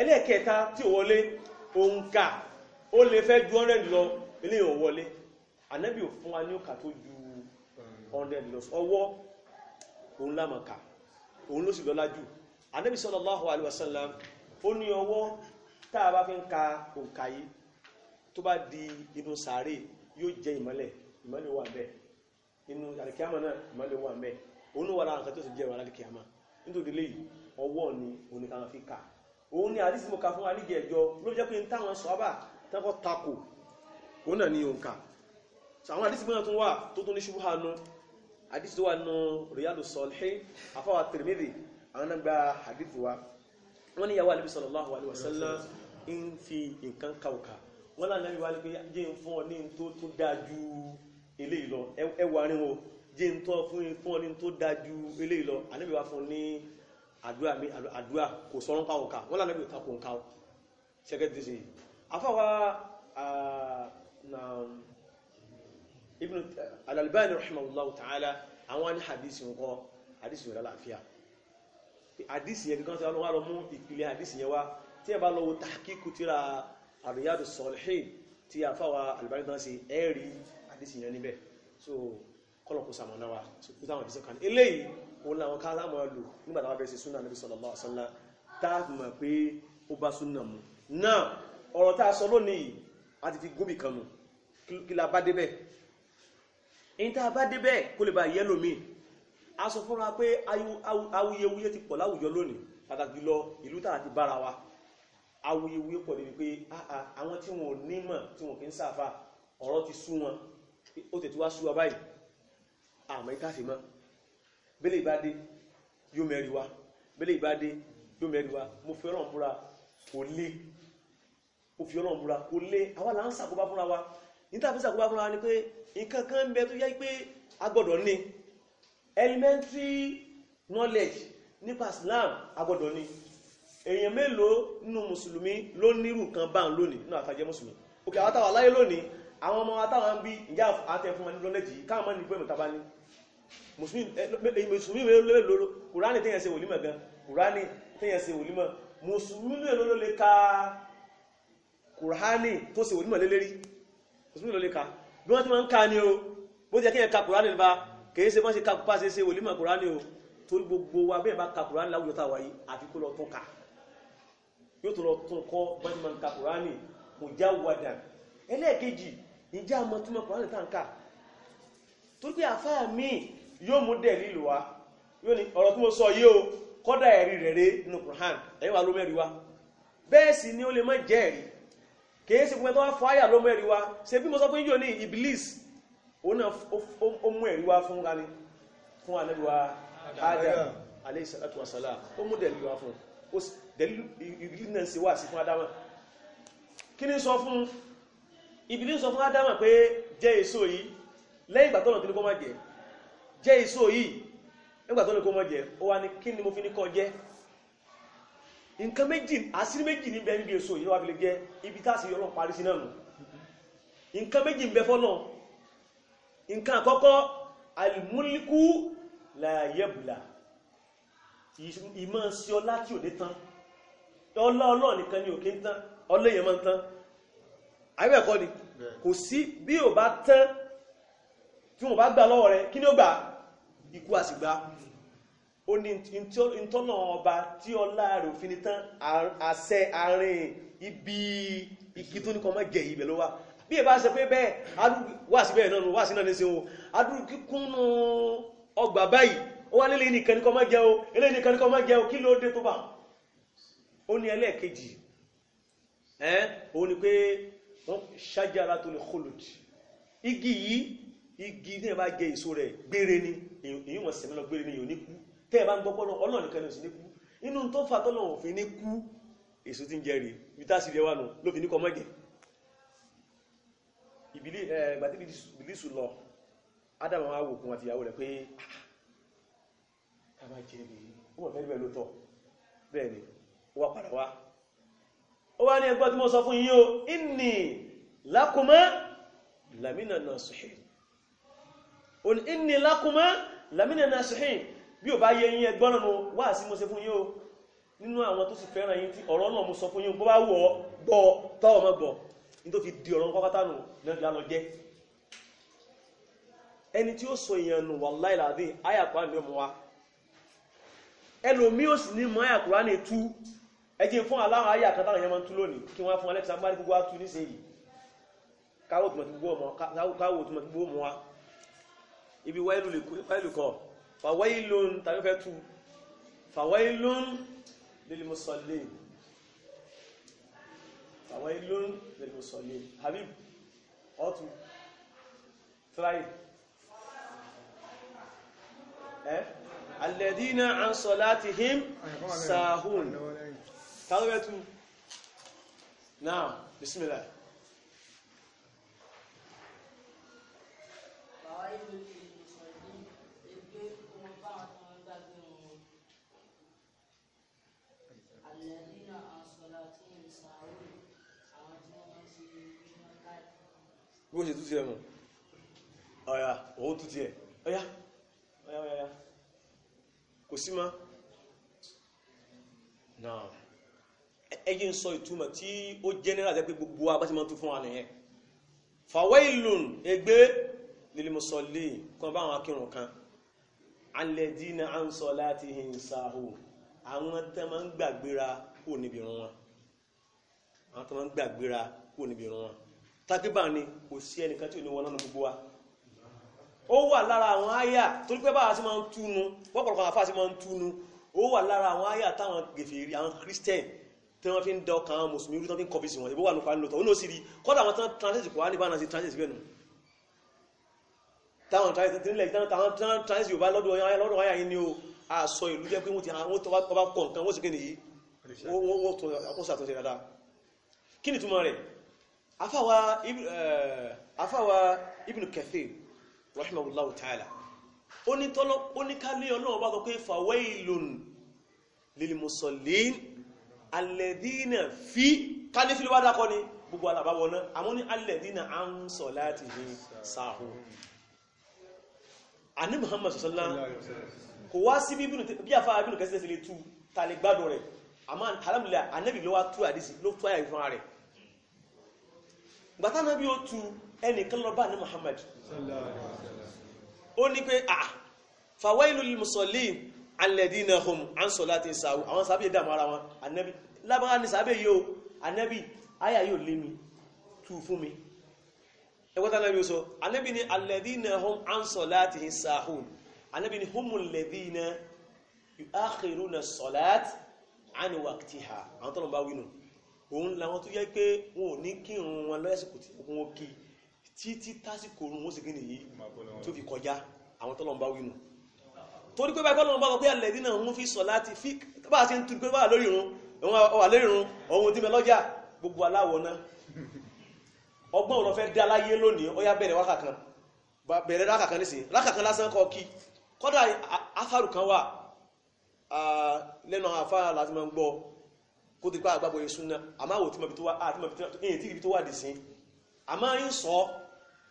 ẹlẹ́kẹta tí ò wọlé òǹkà ó lè fẹ́ ju 100 lọ eléyìí ò wọlé ànábì ò fún wa ní òǹkà tó ju 100 lọ ọwọ́ òun lámàkà òun ló sì lọ́lá jù ànábì sallallahu alaihi ó ní ọwọ́ tá bá fi ń ka òǹkà yìí tó bá di inú sàárè yóò jẹ ìmọ́lẹ̀ ìmọ́lẹ̀ wà bẹ́ẹ̀ inú alìkíyàmọ̀ náà ìmọ́lẹ̀ wà bẹ́ẹ̀ òun wà láàrín tó sì jẹ́ ìwàlá alìkíyàmọ̀ nítorí lè ọwọ́ ni òun ni káwọn fi kà òun ni àdísí mo ka fún alíjẹ ẹjọ ló jẹ́ pé n táwọn sọ́ọ́bà táwọn takò òun náà ni òun kà àwọn àdísí mìíràn tún wà tó tún ní ṣubú hanu àdísí tó wà nù Riyadu Salihin afáwà Tirmidhi àwọn náà gba àdísí wa wọ́n ní ìyàwó Ànábì sallallahu alaihi wasallam ń fi nǹkan wọ́n láti lẹ́yìn wá ní pé jẹ́ ń fún ọ ní tó tó dáa ju eléyìí lọ ẹ wà rí wọn jẹ́ ń tọ́ fún fún ọ ní tó dáa ju eléyìí lọ ànábì wá fún ní àdúrà mi àdúrà kò sọ̀rọ̀ pa òǹkà wọ́n láti lẹ́yìn òǹkà kò ǹkà ṣẹ́gẹ́ ti ṣe yìí afáwa ibn al-Albani rahimahullahu ta'ala àwọn ní hadisi nǹkan hadisi yóò lálàáfíà hadisi yẹn kíkan sí wọn lọ mú ìpìlẹ̀ hadisi yẹn wá tí ẹ bá lọ wo tahqiqu tíra àríyádù sọ̀lẹ̀hìn tí a fáwà alìbáríkan sí ẹ̀rí àdísìyàn níbẹ̀ so kọlọ̀kù sàmọ̀nà so kí táwọn ìfisọ́kan eléyìí òun làwọn ká lámọ̀ lò nígbà táwọn bẹ̀rẹ̀ sí súnà níbi sallallahu alaihi wasallam tá a mọ̀ pé ó bá súnà mu náà ọ̀rọ̀ tá a sọ lónìí a ti fi gómì kan nù kí la bá débẹ̀ èyí tá a bá débẹ̀ awuyewuye pọ̀ débi pé ah, ah, àwọn tí wọn ò nímọ̀ tí wọn kì í sàfà ọ̀rọ̀ ti sú wọn ó tètè wá sú wa báyìí àmọ́ ìta sì mọ́ bẹ́lẹ̀ ìbádé yóò mẹ́rin wa bẹ́lẹ̀ ìbádé yóò mẹ́rin wa mo fi ọlọ́run búra kò lé mo fi ọlọ́run búra kò lé àwa là ń ṣàkóbá fúnra wa níta fi ṣàkóbá fúnra wa ni pé nǹkan kan ń bẹ tó yẹ pé a gbọ́dọ̀ ní elementary knowledge nípa Islam a gbọ́dọ̀ ní èèyàn mélòó nínú mùsùlùmí ló nírù kan bá ń lónìí nínú àtàjẹ́ mùsùlùmí òkè àwọn táwa láyé lónìí àwọn ọmọ táwa ń bí ìjà àtẹ fún ẹni lọ́lẹ́jì káwọn mọ́ ní pé mọ̀tàbá ní mùsùlùmí mélòó kùránì téèyàn ṣe wòlímọ̀ gan kùránì téèyàn ṣe wòlímọ̀ mùsùlùmí mélòó ló lè ka kùránì tó ṣe wòlímọ̀ lélẹ́rí mùsùlùmí ló lè ka bí wọ́n ti máa ń ka ni o bó ti yẹ kéèyàn ka kùránì ka kùránì o wa bẹ́ẹ̀ bá ka yóò tó lọ tún kọ́ bọ́júmọ̀ nǹka kùránì kò já wàdà ẹlẹ́ẹ̀kejì ìjà àmọ́ túnmọ̀ kùránì tá ń kà tó pé àfáà míì yóò mú dẹ̀ lílò wa yóò ní ọ̀rọ̀ tí mo sọ yìí o kọ́dà ẹ̀rí rẹ̀ rẹ̀ nínú kùránì ẹ̀yìn wa ló mẹ́rin wa bẹ́ẹ̀ sì ni ó lè má jẹ́ ẹ̀rí kìí ṣe fún ẹ tó wá fáyà ló mẹ́rin wa ṣe bí mo sọ fún yíyọ ní iblis ó náà ó mú ẹ̀rí wa fún wa ní fún wa nẹ́bí wa adam aleyhi salatu wa salam ó mú dẹ̀ lílò wa fún un ìbílí náà ṣe wà sí fún Ádámà kí ni sọ fún ìbílí sọ fún Ádámà pé jẹ èso yìí lẹ́yìn ìgbà tọ́nà tí ní kó má jẹ jẹ èso yìí nígbà tọ́nà kó má jẹ ó wá ní kí ni mo fi ní kó jẹ nǹkan méjì àṣírí méjì ní bẹ́ẹ̀ níbi èso yìí wá fi lè jẹ ibi tá a sì yọ náà parí sí náà nù nǹkan méjì ń bẹ fọ́nà nǹkan àkọ́kọ́ alimuliku la ìmọ̀ sí ọlá tí ò ní tán ọlá ọlọ́ nìkan ni òkè ń tán ọlọ́ èèyàn máa ń tán àbẹ̀kọ́ ni kò sí bí ò bá tán tí wọ́n bá gbà lọ́wọ́ rẹ kí ni ó gbà ikú àsìgbà ó ní ìtọ́nà ọba tí ọlá rẹ̀ òfin tán àṣẹ àárín ibi igi tó ní kọ́ mọ́ jẹ ibẹ̀ ló wà bí ẹ bá ṣe pé bẹ́ẹ̀ wá sí bẹ́ẹ̀ náà wá sí náà ní ṣe wọn adúrú kíkúnnú ọgbà báyìí ó wá lélẹ̀ ní kọ́ má jẹ́ o eléyìí nìkan ní kọ́ má jẹ́ o kí ló dé tó bá ó ní ẹlẹ́ẹ̀kejì ẹ́ òun ni pé wọ́n ṣájára tó lè kólòdì igi yìí igi ní ẹ̀bá jẹ èso rẹ̀ gbére ni èyí wọ́n sẹ̀mẹ́lọ gbére ni yóò ní kú tẹ́ ẹ bá ń gbọ́ pọ́nà ọlọ́run nìkan ní òsì ní kú inú tó fà tọ́lọ̀ òfin ní kú èso tí ń jẹ rè vításì rẹ̀ wà nù ló fi ní kọ́ mọ́jẹ̀ ìbílí ẹ̀ gbàtí bílísù lọ ádámù àwòkùn àtìyàwó rẹ̀ pé ká má jẹ́ bí ó mọ̀ fẹ́ níbẹ̀ ló tọ̀ bẹ́ẹ̀ ni o wá padà wá ó wá ní ẹgbẹ́ tí mo sọ fún yín o inni lákùmọ́ lamina nasihin ó ní inni lákùmọ́ lamina nasihin bí ò bá yẹ yín ẹgbọ́n náà wá sí mo ṣe fún yín o nínú àwọn tó sì fẹ́ràn yín tí ọ̀rọ̀ náà mo sọ fún yín bó bá wọ̀ ọ́ gbọ́ tọ́wọ́ mọ́ gbọ́ ní tó fi di ọ̀rọ̀ kọ́kátánù náà lọ jẹ́ ẹni tí ó sọ èèyàn nù wà láìláàdín áyàpá ní ọmọ wa ẹlòmí ò sì ní mọ́ àkùrá ní tú ẹjẹ́ fún aláwọ̀ ayé àkàtà àwọn ẹmọ tú lónìí kí wọ́n fún alexa bá ní gbogbo atú nísìnyí káwò tìmọ̀ tí gbogbo mọ́ wa ibi wáìlù kọ fàwáìlùn tàbí fẹ́ tú fàwáìlùn lèlùmọ̀sọ̀lẹ̀ fàwáìlùn lèlùmọ̀sọ̀lẹ̀ habib ọ̀tù try eh الذين عن صلاتهم ساهون تلوية نعم بسم الله bó ṣe tún tiẹ̀ mọ̀ ọ̀yà òun tún tiẹ̀ ọ̀yà ọ̀yà ọ̀yà. kò sí mọ́ náà ẹ̀yin sọ ìtumọ̀ tí ó general jẹ́ pé gbogbo wa bá ti máa tún fún wa nìyẹn fawailun ègbé lil musallin kan bá àwọn akírun kan alladina an salatihim sahun àwọn tẹ́ máa ń gbàgbéra kúrò níbi irun wọn àwọn tẹ́ máa ń gbàgbéra kúrò níbi irun wọn tágbébà ni kò sí ẹnìkan tí ò ní wọn náà gbogbo wa ó wà lára àwọn àyà torí pé báwa sí máa ń túnu pọ́pọ̀lọpọ̀ àfáà sí máa ń túnu ó wà lára àwọn àyà táwọn gèfèrí àwọn christian tí wọ́n fi ń dọ kan àwọn mùsùlùmí rú tán fi ń kọfí sí wọn ìbó wà lópa lótọ́ ó ló sì rí kọ́dà àwọn tán transit kò wá nípa náà sí transit bẹ́ẹ̀ nù táwọn transit tí nílẹ̀ táwọn transit yóò bá lọ́dọ̀ ọyá lọ́dọ̀ ọyá yìí ni ó àṣọ ìlú jẹ́ pé wọ́n ti àwọn tó bá kọ̀ nǹkan wọ́n sì kí nìyí wọ́n tó àkóso àtúnṣe dáadáa kí ni túmọ̀ rẹ̀ afáwa eh, Ibn Kathir rahimahullahu ta'ala oníkálé ọlọ́wọ́ bá sọ pé fawailun lilmusallin alladhina fi kálífìlú wá dákọ́ ni gbogbo alábáwọ̀ náà àmọ́ ní alladhina an salatihim sahun àní Muhammad sọ́sọ́lá kò wá sí bí àfá abínú tú ó ní pé à fàwẹ́ìlú mùsọ̀lì alẹ́dínà hum ansọ̀ láti sàwọ́ àwọn sàbẹ̀ dàmọ́ ara wọn ànábì lábára ní sàbẹ̀ yóò ànábì àyà yóò lé mi tú fún mi ẹgbẹ́ tánà yóò sọ ànábì ní alẹ́dínà hum ansọ̀ láti sàhùn ànábì ní humul lẹ́dínà yuakhiruna sọ̀lát àni waqtiha àwọn tọ́nà bá wínú òun làwọn tó yẹ pé wọn ò ní kírun wọn lọ́yẹ̀sìkò tí wọ́n kí títí tásìkò orun ó sì gíní yìí tó fi kọjá àwọn tọ́lọ̀mbá wínú torí pé báyìí kọ́lọ̀mbá wọ́n pé alẹ́dí náà wọ́n fi sọ láti fi bá ṣe ń tún pé bá lórí irun wà lórí irun ohun tí mẹlọ́jà gbogbo aláwọ̀ náà ọgbọ́n òun fẹ́ dá láyé lónìí ó yá bẹ̀rẹ̀ wákà kan bẹ̀rẹ̀ rákà kan nísìn rákà kan lásán kọ kí kọ́dà afárù kan wà lẹ́nu afárà láti máa ń gbọ́ kó ti pa àgbàgbọ́ yẹn súnná àmáwò tí mo fi tó wà dì sí àmá yín sọ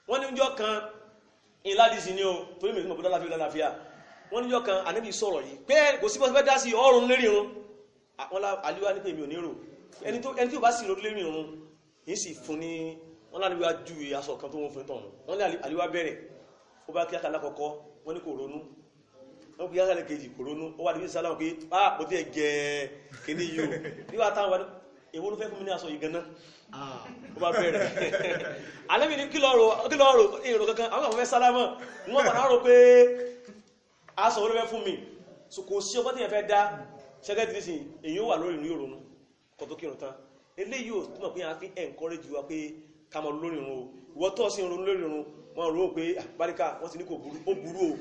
wọ́n ní ọjọ́ kan ìlàdìsí ni o torí mi ìgbìmọ̀ lálàáfíà lálàáfíà wọ́n ní ọjọ́ kan ànábì sọ̀rọ̀ yìí pé kò sí bọ́sí fẹ́ dá sí ọrùn lérí irun àwọn àlíwá ní pé mi ò nírò ẹni tí ò bá sì rò lérí irun yìí sì fún ní wọ́n láti wá ju aṣọ kan tó wọ́n fún tọ̀hún wọ́n ní àlíwá bẹ̀rẹ̀ ó bá kíákà lákọ̀ọ́kọ́ wọ́n ní kò ronú wọ́n kíákà lẹ́kejì kò ronú ó wà níbi sálàmù pé ah mo ti ẹ̀ gẹ̀ẹ́ èwo ló fẹ́ fún mi ní aṣọ yìí ganan ah. ó bá bẹ̀rẹ̀ alẹ́mi ní kí lọ́ọ̀rọ̀ èrò kankan àwọn àwọn fẹ́ sálámọ̀ wọ́n padà rò pé aṣọ wo ló fẹ́ fún mi kò sí ọgbọ́n tí yẹn fẹ́ dá ṣẹ́gẹ́ ti èyí ó wà lórí ìlú encourage wa pé ká mọ̀ lórí ìrun o ìwọ tó sí ìrun lórí ìrun wọn rò ó pé àbáríkà ah, wọ́n ti ní kò burú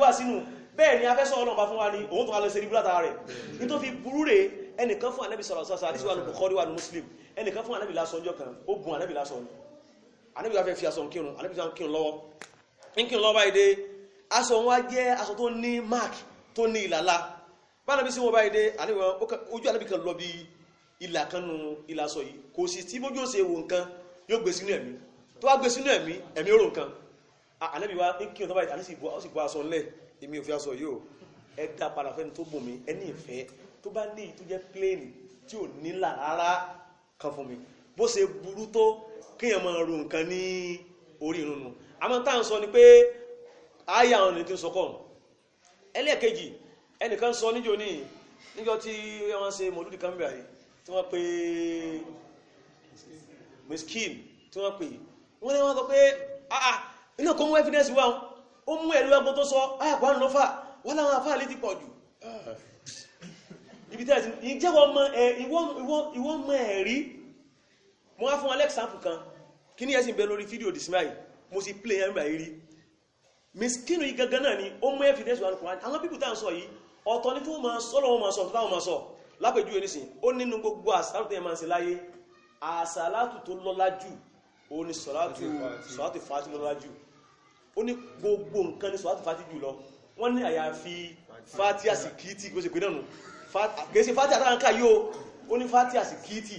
ó bẹ́ẹ̀ ni afẹ́sọ́ ọlọ́ọ̀bá fún wa ni òun tó wà lọ sí rí búlátà rẹ̀ ní tó fi burú rẹ̀ ẹnìkan fún ànábì sọ̀rọ̀ sọ́sọ́ àdísíwà ní Bukhari wà ní Muslim ẹnìkan fún ànábì lásán ọjọ́ kan ó bùn ànábì lásán ni ànábì wà fẹ́ fi aṣọ kírun ànábì sọ̀rọ̀ kírun lọ́wọ́ ń kírun lọ́wọ́ báyìí dé aṣọ wa jẹ́ aṣọ tó ní mark tó ní ìlàlá bánabi sí wọn báyìí dé ojú ànábì kan lọ bí ìlà kan nu ìlà sọ yìí kò sì tí bójú òsè wo nǹkan yóò gbé sínú ẹ̀mí tó wá gbé sínú ẹ̀mí ẹ̀mí ó rò nǹkan ànábì wa ń kírun tó báyìí ànábì sì bọ́ aṣọ lẹ́ẹ̀ èmi ò fi aṣọ yìí o ẹ dá padà fẹ́ni tó bùn mi ẹ ní ìfẹ́ tó bá ní ìtú jẹ́ plane tí ò nílà rárá kan fún mi bó ṣe burú tó kéèyàn máa ro nǹkan ní orí irun nu àmọ́ tá à ń sọ ni pé ayé àwọn ènìyàn ti ń sọkọ̀ ẹlẹ́ẹ̀kejì ẹnìkan sọ níjó ní níjọ́ tí wọ́n ṣe mọ̀lúdì kan bẹ̀rẹ̀ tí wọ́n pe miskin tí wọ́n pe wọ́n lé wọ́n sọ pé ah ah iná kò mú evidence wá wọn ó mú ẹ̀rí wá gbọ́ tó sọ ayàpá ń lọ fà wọ́n láwọn àfáà lè ti pọ̀ jù ibi tẹ́ẹ̀sì ìjẹ́wọ́ mọ ẹ̀rí mo wá fún alexapu kan kí ní ẹ̀sìn bẹ lórí fídíò dismay mo sì play ẹ̀mí báyìí rí miskinu yìí gangan náà ni ó mú evidence wà nìkan àwọn pípù táà ń sọ yìí ọ̀tọ̀ ní tí wọ́n máa sọ́lọ́ wọn máa sọ táwọn máa sọ lápẹjúwe nísìn ó nínú gbogbo àsálàtù yẹn máa ń ṣe láyé àsálàtù tó lọ́lá jù ó ní sọ̀látù sọ̀látù fàájú lọ́lá jù ó ní gbogbo nǹkan ní sọ́láàtì fàtí jùlọ wọ́n ní àyàfi fàtí àsìkìtì kó se pé náà nù kèsè fàtí àtàkà yóò ó ní fàtí àsìkìtì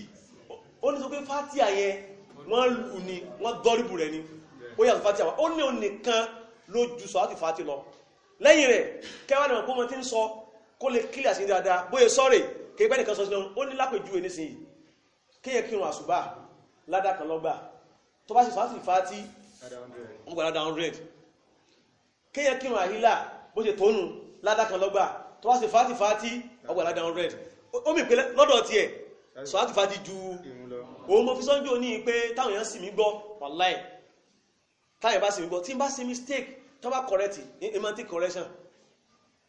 ó ní sọ pé fàtí àyẹn wọ́n lù ní wọ́n dọ́rìbù rẹ̀ ni ó yàtọ̀ fàtí àwọn ó ní òun nìkan ló ju sọ́láàtì fàtí lọ lẹ́yìn rẹ̀ kẹwàá ni wọ́n ti ń sọ kó lè kílẹ̀ àsìkìtì dáadáa bóyá sọ́rẹ̀ kéèpẹ́ nìkan sọ sí náà ó ní lápèjúwe nísìnyí kéèyàn kírun àsùbà ládàkan lọ́gbà tó bá sì sọ́láàtì fàtí wọ́n gbà ládàá hundred kéèyàn kírun àhílà bó ṣe tónù ládàá kan lọ́gbà tó wá sí fàátì fàátì ó gbà ládàá hundred ó mì pé lọ́dọ̀ tiẹ̀ sọ àti fàátì ju òun mo fi sọ́njú òní pé táwọn èèyàn sì mí gbọ́ wàláì táwọn èèyàn bá sì mí gbọ́ tí bá ṣe mistake tó bá correct ní emantic correction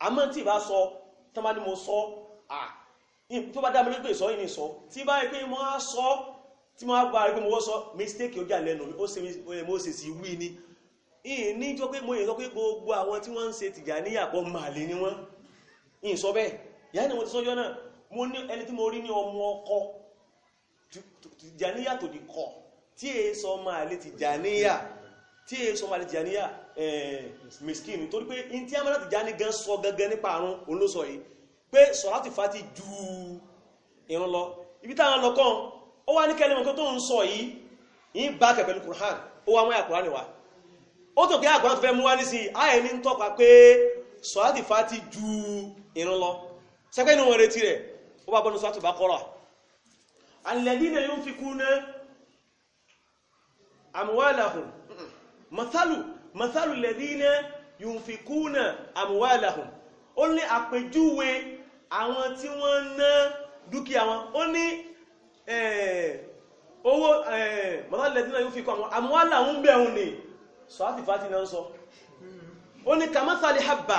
àmọ́ tí ì bá sọ tó bá ní mo sọ à tó bá dá mi lójú pé ìsọ yìí ni ìsọ tí bá yẹ pé á sọ tí mo bá rí pé mo wọ́ sọ mistake ó jà lẹ́nu mi ó ṣe mo ṣe sí wí ni ìyìn ní jọ pé mo yìn sọ pé gbogbo àwọn tí wọ́n ń ṣe Tìjàníyà pọ̀ màlè ni wọ́n ìyìn sọ bẹ́ẹ̀ ìyá ni mo ti sọ́jọ́ náà mo ní ẹni tí mo rí ní ọmọ ọkọ Tìjàníyà tó di kọ tí èyí sọ màlè Tìjàníyà tí èyí sọ màlè Tìjàníyà eh, miskin torí pé in tí amọ́lá Tìjàní gan sọ gangan nípa àrùn olóṣọ yìí pé sọ̀rọ̀ àti fa ti ju ìrún lọ ibi táwọn lọ kàn ó wá ní kẹ́lẹ́mọ̀ kó tó ń sọ yìí yìí bá kẹ̀ pẹ̀lú Qur'an ó wá mọ́yà Qur'an wa ó tó kí àgbà fẹ́ mú wá ní sí ayẹ̀ ní tọ́pa pé sọ́láti fati ju ìrun lọ sẹ́pẹ́ inú wọn retí rẹ̀ ó bá bọ́nu sọ́láti bá kọ́rọ̀ dúkìá wọn ó ní Eh, owó eh, mọ́tàlẹ́dínà yóò fi kọ àwọn àmúwálà ń bẹ̀ òun ni sọ á ti fà á ti náà sọ ó ní kàmátàlì hàbà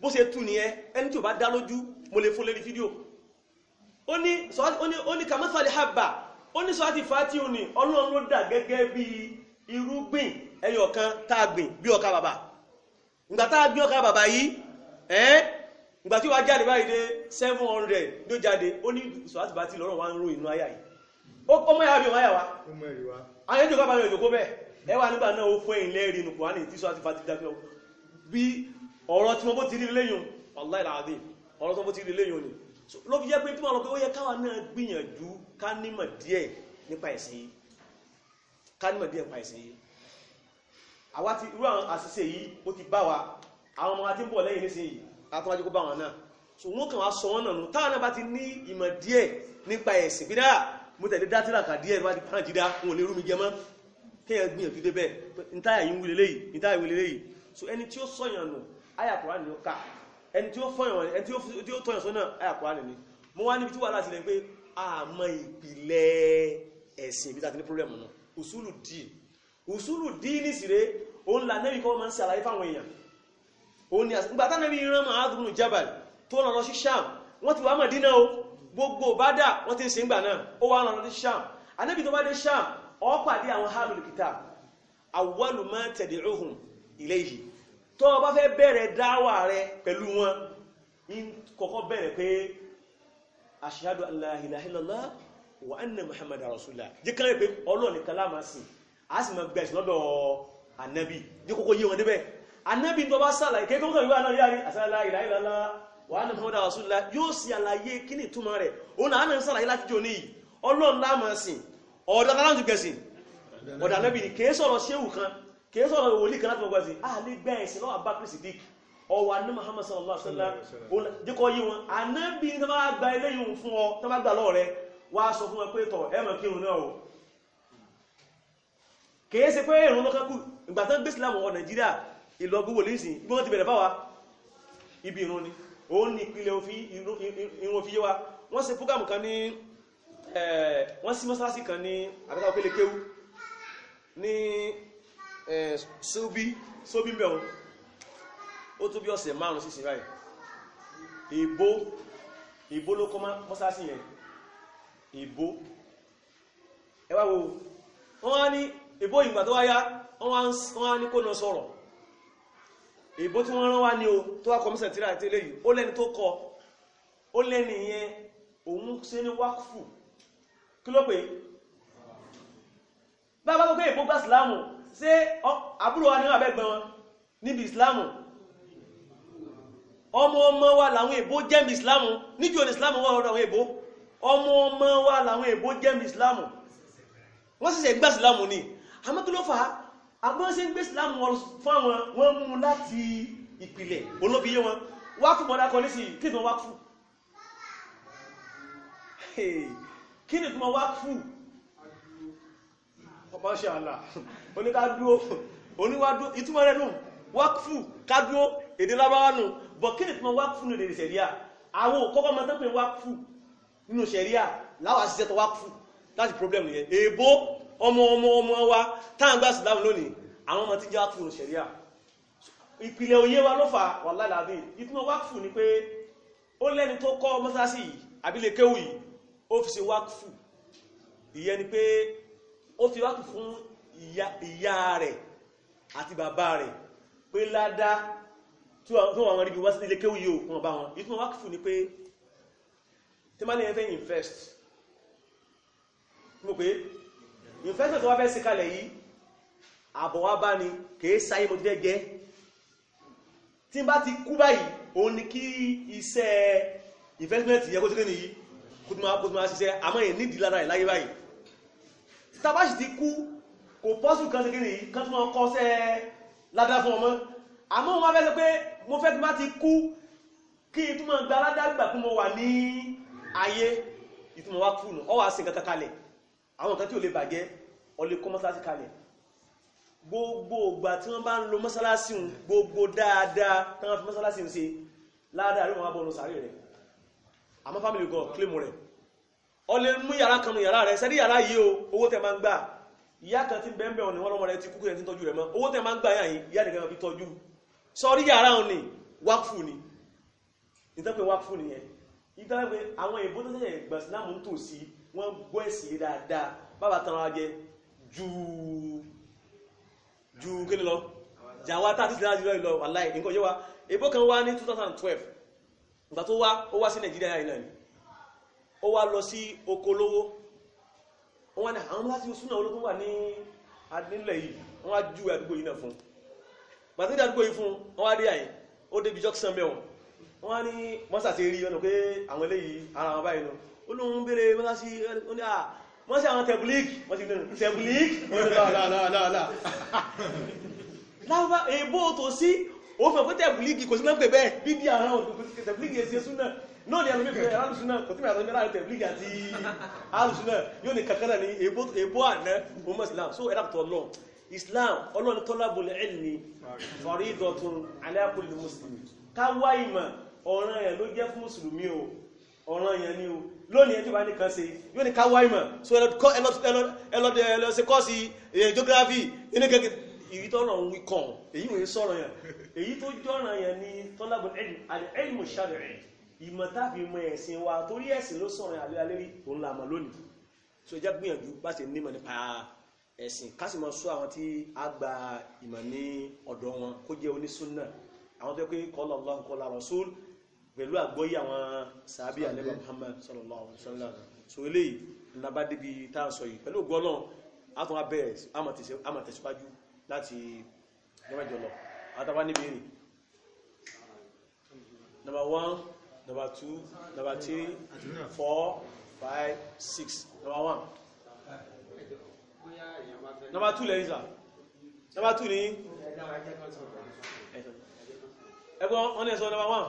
bó ṣe tú nìyẹn ẹni tí ò bá dá lójú mo lè fún lérí fídíò ó ní kàmátàlì hàbà ó ní sọ á ti fà á ti òun ni ọlọ́run ló dà gẹ́gẹ́ bí irúgbìn ẹyọ kan tá bí ọkà bàbà ìgbà tá a bàbà yìí ẹ́ ìgbà tí wàá jáde báyìí dé seven hundred ló jáde ó ní sọ á ti fà á lọ́rọ̀ wá ń ro inú ayá yìí ọmọ ìyá bí ọmọ wa ayé jù kábàlẹ̀ òjòkó bẹ́ẹ̀ ẹwà nígbà náà ó fún ilé rí nùkù wánì tí sọ àti fàtí dákẹ́ bí ọ̀rọ̀ tí wọ́n bó ti rí léyìn ọ̀lá ọ̀rọ̀ tí wọ́n bó ti rí léyìn ni ló fi jẹ́ pé túnmọ̀ lọ pé ó yẹ káwa náà gbìyànjú ká nímọ̀ díẹ̀ nípa ẹ̀sìn ká nímọ̀ díẹ̀ nípa ẹ̀sìn àwa ti irú àwọn àṣìṣe yìí so wọn kàn wá sọ wọn náà nù táwọn náà ní ìmọ̀ díẹ̀ nípa ẹ̀sìn bí náà mo tẹ̀lé dátìrà kàdí ẹ̀rọ àti pàràjìdá wọn ò lè rú mi jẹ mọ́ kéèyàn gbìyànjú dé bẹ́ẹ̀ ntáyà yìí ń wí lélẹ́yìí ntáyà wí lélẹ́yìí so ẹni tí ó sọ̀yàn nù àyà Kùránì ó kà ẹni tí ó fọ̀yàn ẹni tí ó tọ̀yàn sọ́nà àyà Kùránì ni mo wá níbi tí wàhálà sílẹ̀ pé àmọ́ ìpìlẹ̀ ẹ̀sìn ibi tàbí ní pírọ́blẹ̀mù náà usulu díì usulu díì nísìrè òun là nẹ́bí kọ́ máa ń ṣàlàyé fáwọn èèyàn òun ni àgbàtà nẹ́bí rán máa dùnú jábàl tó lọ lọ sí Sham wọ́n ti wá Mádínà o gbogbo bádà wọ́n ti ń sìn gbà náà ó wá rán lọ sí sham anábì tó bá dé sham ó pàdé àwọn ahlul kitab awwalu ma tad'uhum ilayhi tó bá fẹ́ bẹ̀rẹ̀ dáwà rẹ pẹ̀lú wọn in kọ́kọ́ bẹ̀rẹ̀ pé ashhadu an la ilaha illallah wa anna muhammadar rasulullah jẹ́ kán rẹ̀ pé ọlọ́ọ̀ni kalama sí a sì máa gbẹ̀sì lọ́dọ̀ anábì jẹ́ kókó yé wọn débẹ̀ anábì tó bá sàlàyé kéèkéé kókó ìwé àná yára illallah wà á ní fọwọ́dà rasulillah yóò sì àlàyé kí ni ìtumọ̀ rẹ̀ òun náà àná ń sàlàyé láti jò níyì ọlọ́run láàmọ̀ sìn ọ̀dọ̀ aláǹtù gẹ̀sìn ọ̀dà anábì ni kìí sọ̀rọ̀ ṣéwù kan kìí sọ̀rọ̀ wòlíì kan láti mọ̀ gbàsìn à lè gbẹ́ ẹ̀sìn lọ́wọ́ abákiri sì dìk ọwọ́ aná muhammad sallallahu alaihi wasallam díkọ̀ yí wọn anábì ní tọ́ba gba eléyìí fún ọ tọ́ba gbà lọ́ọ̀ rẹ wá sọ fún ẹ pé tọ̀ ẹ mọ̀ kí òun náà o kìí ṣe pé ìrún lọ́kàkù ìgbà tán gbé sílámù ọ nàìjíríà ìlọgbówó lẹ́sìn bí wọ́n ti bẹ̀rẹ̀ báwa ibi ìrún ni òun ní ìpìlẹ̀ irun òfin yíwa wọ́n ṣe púgàmù kan ní eh, wọ́n sí mọ́sálásí kan ní àtàkà òkèlè kéwú ní eh, sóbí sóbí mẹ́un ó tó bí ọ̀sẹ̀ márùn sí síra ìbò ìbò ló kọ́ mọ́sálásí yẹn ìbò ẹwà wo wọ́n wá ní ìbò ìgbà tó wáyá wọ́n wá ní kó lọ sọ̀rọ̀ èbó tí wọ́n rán wá ní o tó wá kọmísàn tíra àti eléyìí ó lẹ́ni tó kọ ó lẹ́ni yẹn òun ṣe ní wákùfù kí ló pé bábá tó pé èbó gba ìsìláàmù ṣé àbúrò wa ní àbẹ́gbẹ̀ wọn níbi ìsìláàmù ọmọ ọmọ wa làwọn èbó jẹ́mi ìsìláàmù níjò ní ìsìláàmù wọ́n rọrọ àwọn èbó ọmọ ọmọ wa làwọn èbó jẹ́mi ìsìláàmù wọ́n sì ṣe gbà ìsìláàmù ni àmọ́ kí ló fà á àbọ́n ṣe ń gbé ìsìlámù wọn fún àwọn wọn mú láti ìpìlẹ̀ olóbiyé wọn wákù bọ́dá kan nísìnyí kí ni wákù kí ni ìtumọ̀ wákù masha Allah oníkádúó oníwádúó ìtumọ̀ rẹ̀ nù wákù kádúó èdè lábáwá nù bọ̀ kí ni ìtumọ̀ wákù nù lè ṣẹ̀ríà àwọn òkọ́kọ́ máa tán pé wákù nínú ṣẹ̀ríà láwàá that's the problem yẹn èèbó ọmọ ọmọ ọmọ wa táwọn gbà sílámù lónìí àwọn ọmọ tí jẹ́ wákùú ní ṣẹ̀ríà ìpìlẹ̀ òye wa ló fà wà lálàbí ìtumọ̀ wákùú ni pé ó lẹ́ni tó kọ́ mọ́sáàsì yìí àbílẹ̀ kéwù yìí ó fi ṣe wákùú ìyẹn ni pé ó fi wákùú fún ìyá rẹ̀ àti bàbá rẹ̀ pé ládàá tí wọ́n wọn rí bí wá sí ilé kéwù yìí ọba wọn ìtumọ̀ wákùú ni pé tí invest mo pé ìfẹ́sẹ̀ tó wá fẹ́ sí kalẹ̀ yìí àbọ̀wá bá ni kèé sáyé mo ti fẹ́ gẹ́ tí bá ti kú báyìí òun ni kí iṣẹ́ investment yẹ kó tí kí nìyí kó tí máa kó tí máa ṣiṣẹ́ àmọ́ yẹn nídìí lára ẹ̀ láyé báyìí tàbá sì ti kú kò pọ́sù kan tí kí nìyí kan tí wọ́n kọ́ sẹ́ ládá fún ọmọ ìtumọ̀ gba ládá gbà kí sí nǹkan kankalẹ̀ àwọn kan tí ò lè bàjẹ́ ọlẹ́ kọ́ mọ́sálásí kalẹ̀ gbogbo ìgbà tí wọ́n bá ń lo mọ́sálásí ń gbogbo dáadáa tí wọ́n fi mọ́sálásí ń ṣe ládàá ló wọn bọ́ ọ̀nà sàárè rẹ̀ àmọ́ fámìlì gan kílèmù rẹ̀ ọlẹ́ mú yàrá kan nù yàrá rẹ̀ sẹ́dí yàrá yìí o owó tẹ̀ máa ń gbà ìyá kan ti bẹ́ẹ̀ bẹ́ẹ̀ ọ̀nà wọn lọ́mọ rẹ̀ ti kúkú rẹ̀ ti tọ́jú rẹ̀ mọ́ owó tẹ̀ máa ń gbà yàn yìí ìyá nìkan fi tọ́jú sọrí yàrá òun ni wákfù ni ìtọ́pẹ́ wákfù nìyẹn ìtọ́pẹ́ àwọn èèbó tó ṣẹ̀ṣẹ̀ gbọ̀nsìn náà mú tòsí wọ́n gbọ́ ẹ̀sìn yìí dáadáa bàbá tán ara jẹ ju ju kí ni lọ jàwá tá àti ìdájú lọ wàláì nǹkan yé wa èbó kan wá ní 2012 ìgbà tó wá ó wá sí nàìjíríà yìí náà ni ó wá lọ sí oko lówó wọ́n wá ní àwọn láti súnà ológun wà ní nílẹ̀ yìí wọ́n wá ju àdúgbò yìí náà fún gbàtí àdúgbò yìí fún wọ́n wá rí àyè ó débi jọ́kísàn mẹ́wọ̀n wọ́n wá ní mọ́sà ti rí ọ̀nà pé àwọn eléyìí ara wọn báyìí náà olóhun bèèrè mọ́sí mọ́sí àwọn tẹ̀bùlíkì mọ́sí tẹ̀bùlíkì láàbá èbó tó sí o fẹ́ fún tẹ̀bùlíkì kò sí náà pè bẹ́ẹ̀ bíbí àwọn tẹ̀bùlíkì èsì súnà náà ni àwọn mẹ́fẹ́ alùsúnà kò tí mẹ́ àtọ́mẹ́lá tẹ̀bùlíkì àti alùsúnà yóò ní kàkàrà ní èbó àná ọmọ Islam so ẹ̀dà tó lọ Islam ọlọ́ni talabul ilmi faridatun ala kulli muslim ká wá ìmọ̀ ọ̀ranyàn ló jẹ́ fún mùsùlùmí o ọ̀ranyàn ni o lónìí ẹjọ́ bá ní kan ṣe yóò ní ká ìmọ̀ so ẹlọ́dẹ kọ́ọ̀sì geography inú kẹ́kẹ́ èyí tó ràn wí kàn èyí wòye sọ̀rọ̀ yẹn èyí tó jọ̀ràn yẹn ní tọ́lábù ẹ̀lìmù ṣàrẹ̀ ìmọ̀ tàbí ìmọ̀ ẹ̀sìn wa torí ẹ̀sìn ló sọ̀rọ̀ àlẹ́ alẹ́ rí òun là mọ̀ lónìí so ẹjẹ́ gbìyànjú bá ṣe nímọ̀ nípa ẹ̀sìn ká sì mọ̀ sọ àwọn tí a gba ìmọ̀ ní ọ̀dọ̀ wọn kó jẹ́ onísúnnà àwọn tó yẹ pé pẹ̀lú àgbọ́yé àwọn sàábí àlẹ́bà Muhammad sallallahu alaihi wasallam so eléyìí nàbá débi tá a sọ yìí pẹ̀lú ògbọ́nà àtún abẹ́rẹ̀ àmàtẹ̀síwájú láti lọ́mẹjọ lọ àtàwà níbi èrè number one number two number three four five six number one number two lẹ́yìn sà number two ní ẹgbọ́n wọ́n ní ẹ̀sọ́ number one.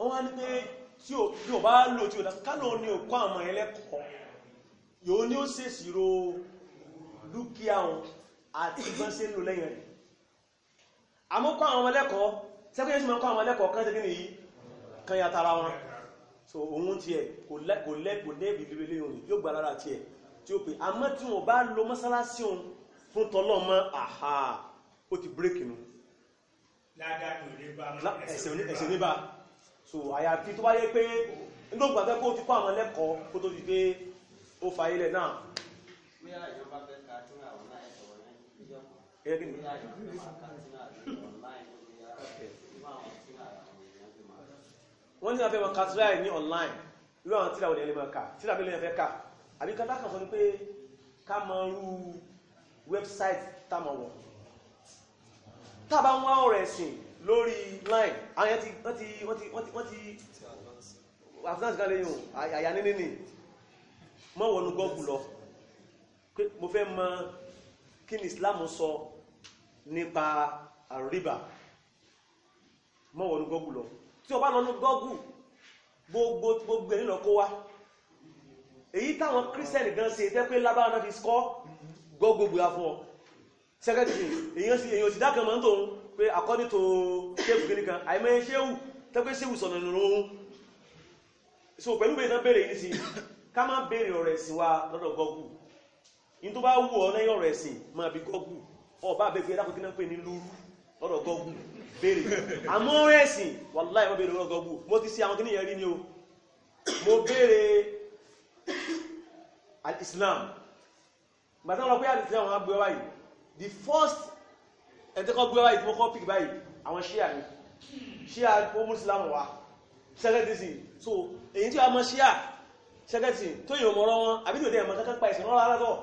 wọ́n wá ní pé tí ò bá lò tí ò dá kánà ní òkú àmọ́ ẹlẹ́kọ̀ọ́ yóò ní ó sèsì ro dúkìá wọn àti ìbọn sí ń lò lẹ́yìn rẹ̀ àmúkọ́ àwọn ọmọlẹ́kọ̀ọ́ sẹ́kọ́ yẹ́sì mọ́kọ́ àwọn ọmọlẹ́kọ̀ọ́ kan tẹ́kí nìyí kan ya tara wọn so ohun tí ẹ kò lẹ́kò lẹ́bì lílé léyìn yóò gbà lára tí ẹ tí ó pè àmọ́ tí wọ́n bá lo mọ́sálásí òun fún tọ́lọ́mọ́ àhà ó ẹ̀sẹ̀ oníbà so àyàfi tó bá yẹ pé nígbà gbàgbé kó ti kọ́ àwọn lẹ́kọ̀ọ́ kó tó di pé ó fa ilẹ̀ náà. wọ́n ní àfẹ́ wọn ka tíra ẹ̀ ní online irú àwọn tíra olè lè máa kà tíra mi lè fẹ́ kà àbí kátà kan sọ ní pé ká máa rú wẹ́bsáìtì tá a máa wọ̀ tá a bá ń wá ọ̀rọ̀ ẹ̀sìn lórí line àwọn ti wọ́n ti wọ́n ti wọ́n ti advance kan lẹ́yìn àyà nínú ni mọ́ wọnú gọ́ọ̀gù lọ mo fẹ́ mọ̀ kí ni Islam sọ nípa àríbà mọ́ wọnú gọ́ọ̀gù lọ tí o bá lọ ní gọ́ọ̀gù gbogbo ẹ̀nìyàn kó wá èyí táwọn kírísẹ̀nì gan ṣe tẹ́ pé lábára náà fi skọ́ gọ́gbogbo afọ́ secretary èyàn sí èyàn òsìdá kan mọ́ tóun pé according to kìíní kan sọ̀nà nínú ohun so pẹ̀lú bẹ́ẹ̀ náà béèrè yìí sí ká má béèrè ọ̀rọ̀ ẹ̀sìn wa lọ́dọ̀ gọ́gù in tó bá wù ọ lẹ́yìn bí gọ́gù ọba àbẹ́fẹ́ dákò kí náà pè ní lóru lọ́dọ̀ gọ́gù béèrè o mo islam ẹni tí kọ́ gbé wáyé tí mo kọ́ pìk báyìí àwọn ṣíà ni ṣíà ó mú ìsìlámù wá ṣẹ́gẹ́tìsì so èyí tí wàá mọ ṣíà ṣẹ́gẹ́tìsì tó yìí ọmọ ọ̀rọ̀ wọn àbí tí ò dẹ̀ mọ kankan pa ìsìn ọ̀rọ̀ alátọ̀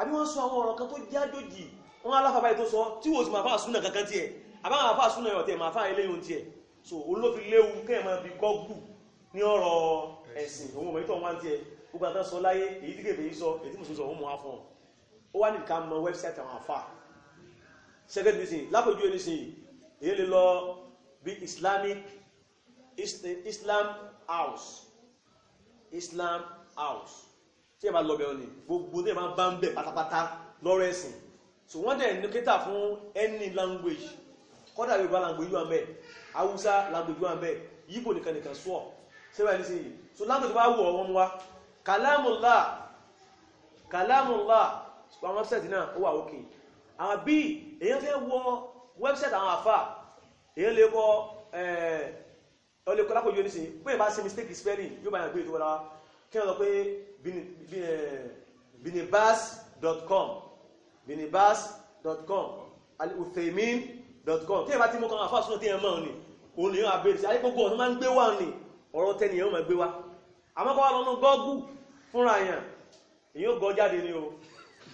àbí wọ́n sọ àwọn ọ̀rọ̀ kan tó jájòjì wọn aláfàbá yìí tó sọ tí wò ó sì máa fà súnà kankan tiẹ̀ àbáwọn àfà súnà yọ̀ tiẹ̀ máa fà eléyìí tiẹ̀ so olófin léwu kẹ́ẹ̀ máa fi gọ́gù ní ọ̀rọ̀ ẹ̀sìn òun ọmọ ìtọ̀ wọn tiẹ̀ gbogbo àtàn sọ láyé èyí tí kèfèé sọ èyí tí mùsùlùmí sọ òun mọ̀ á fún ọ ó wà ní ká mọ wẹ́bsáìtì àwọn àfà second reason lápòjú ẹni sìn èyí lè lọ bí islamic islam house islam house tí ẹ bá lọ bẹ̀ ọ́ ni gbogbo ní ẹ máa bá ń bẹ̀ pátápátá lọ́rọ̀ ẹ̀sìn so wọ́n dẹ̀ ní kéta fún any language kọ́dà yorùbá language wà mẹ́ haúsá language wà mẹ́ yíbò nìkan nìkan sọ́ọ̀ sẹ́wà ní sí yìí so language bá wù ọ́ wọn wá kàlámùlá kàlámùlá àwọn website náà ó wà òkè àbí èyàn fẹ́ wọ wẹ́bṣẹ̀tì àwọn àfà èyàn lè wọ ọlẹ́kọ́ eh, lápòjú oníṣẹ́ pé ìbá ṣe mistake spelling yóò bá yàn gbé ìtọ́wọ́lá kí wọ́n lọ pé eh, binibas.com binibas.com alufemin.com tí ìbá ti mú kan àfà súnà tí ẹ̀ mọ́ ni òun lè yàn àbẹ̀rẹ̀ sí àyíkókò ọ̀tún máa ń gbé wà ní ọ̀rọ̀ tẹ́niyàn máa gbé wá àmọ́kọ́ wà lọ́nà gọ́gù fúnra yàn èyí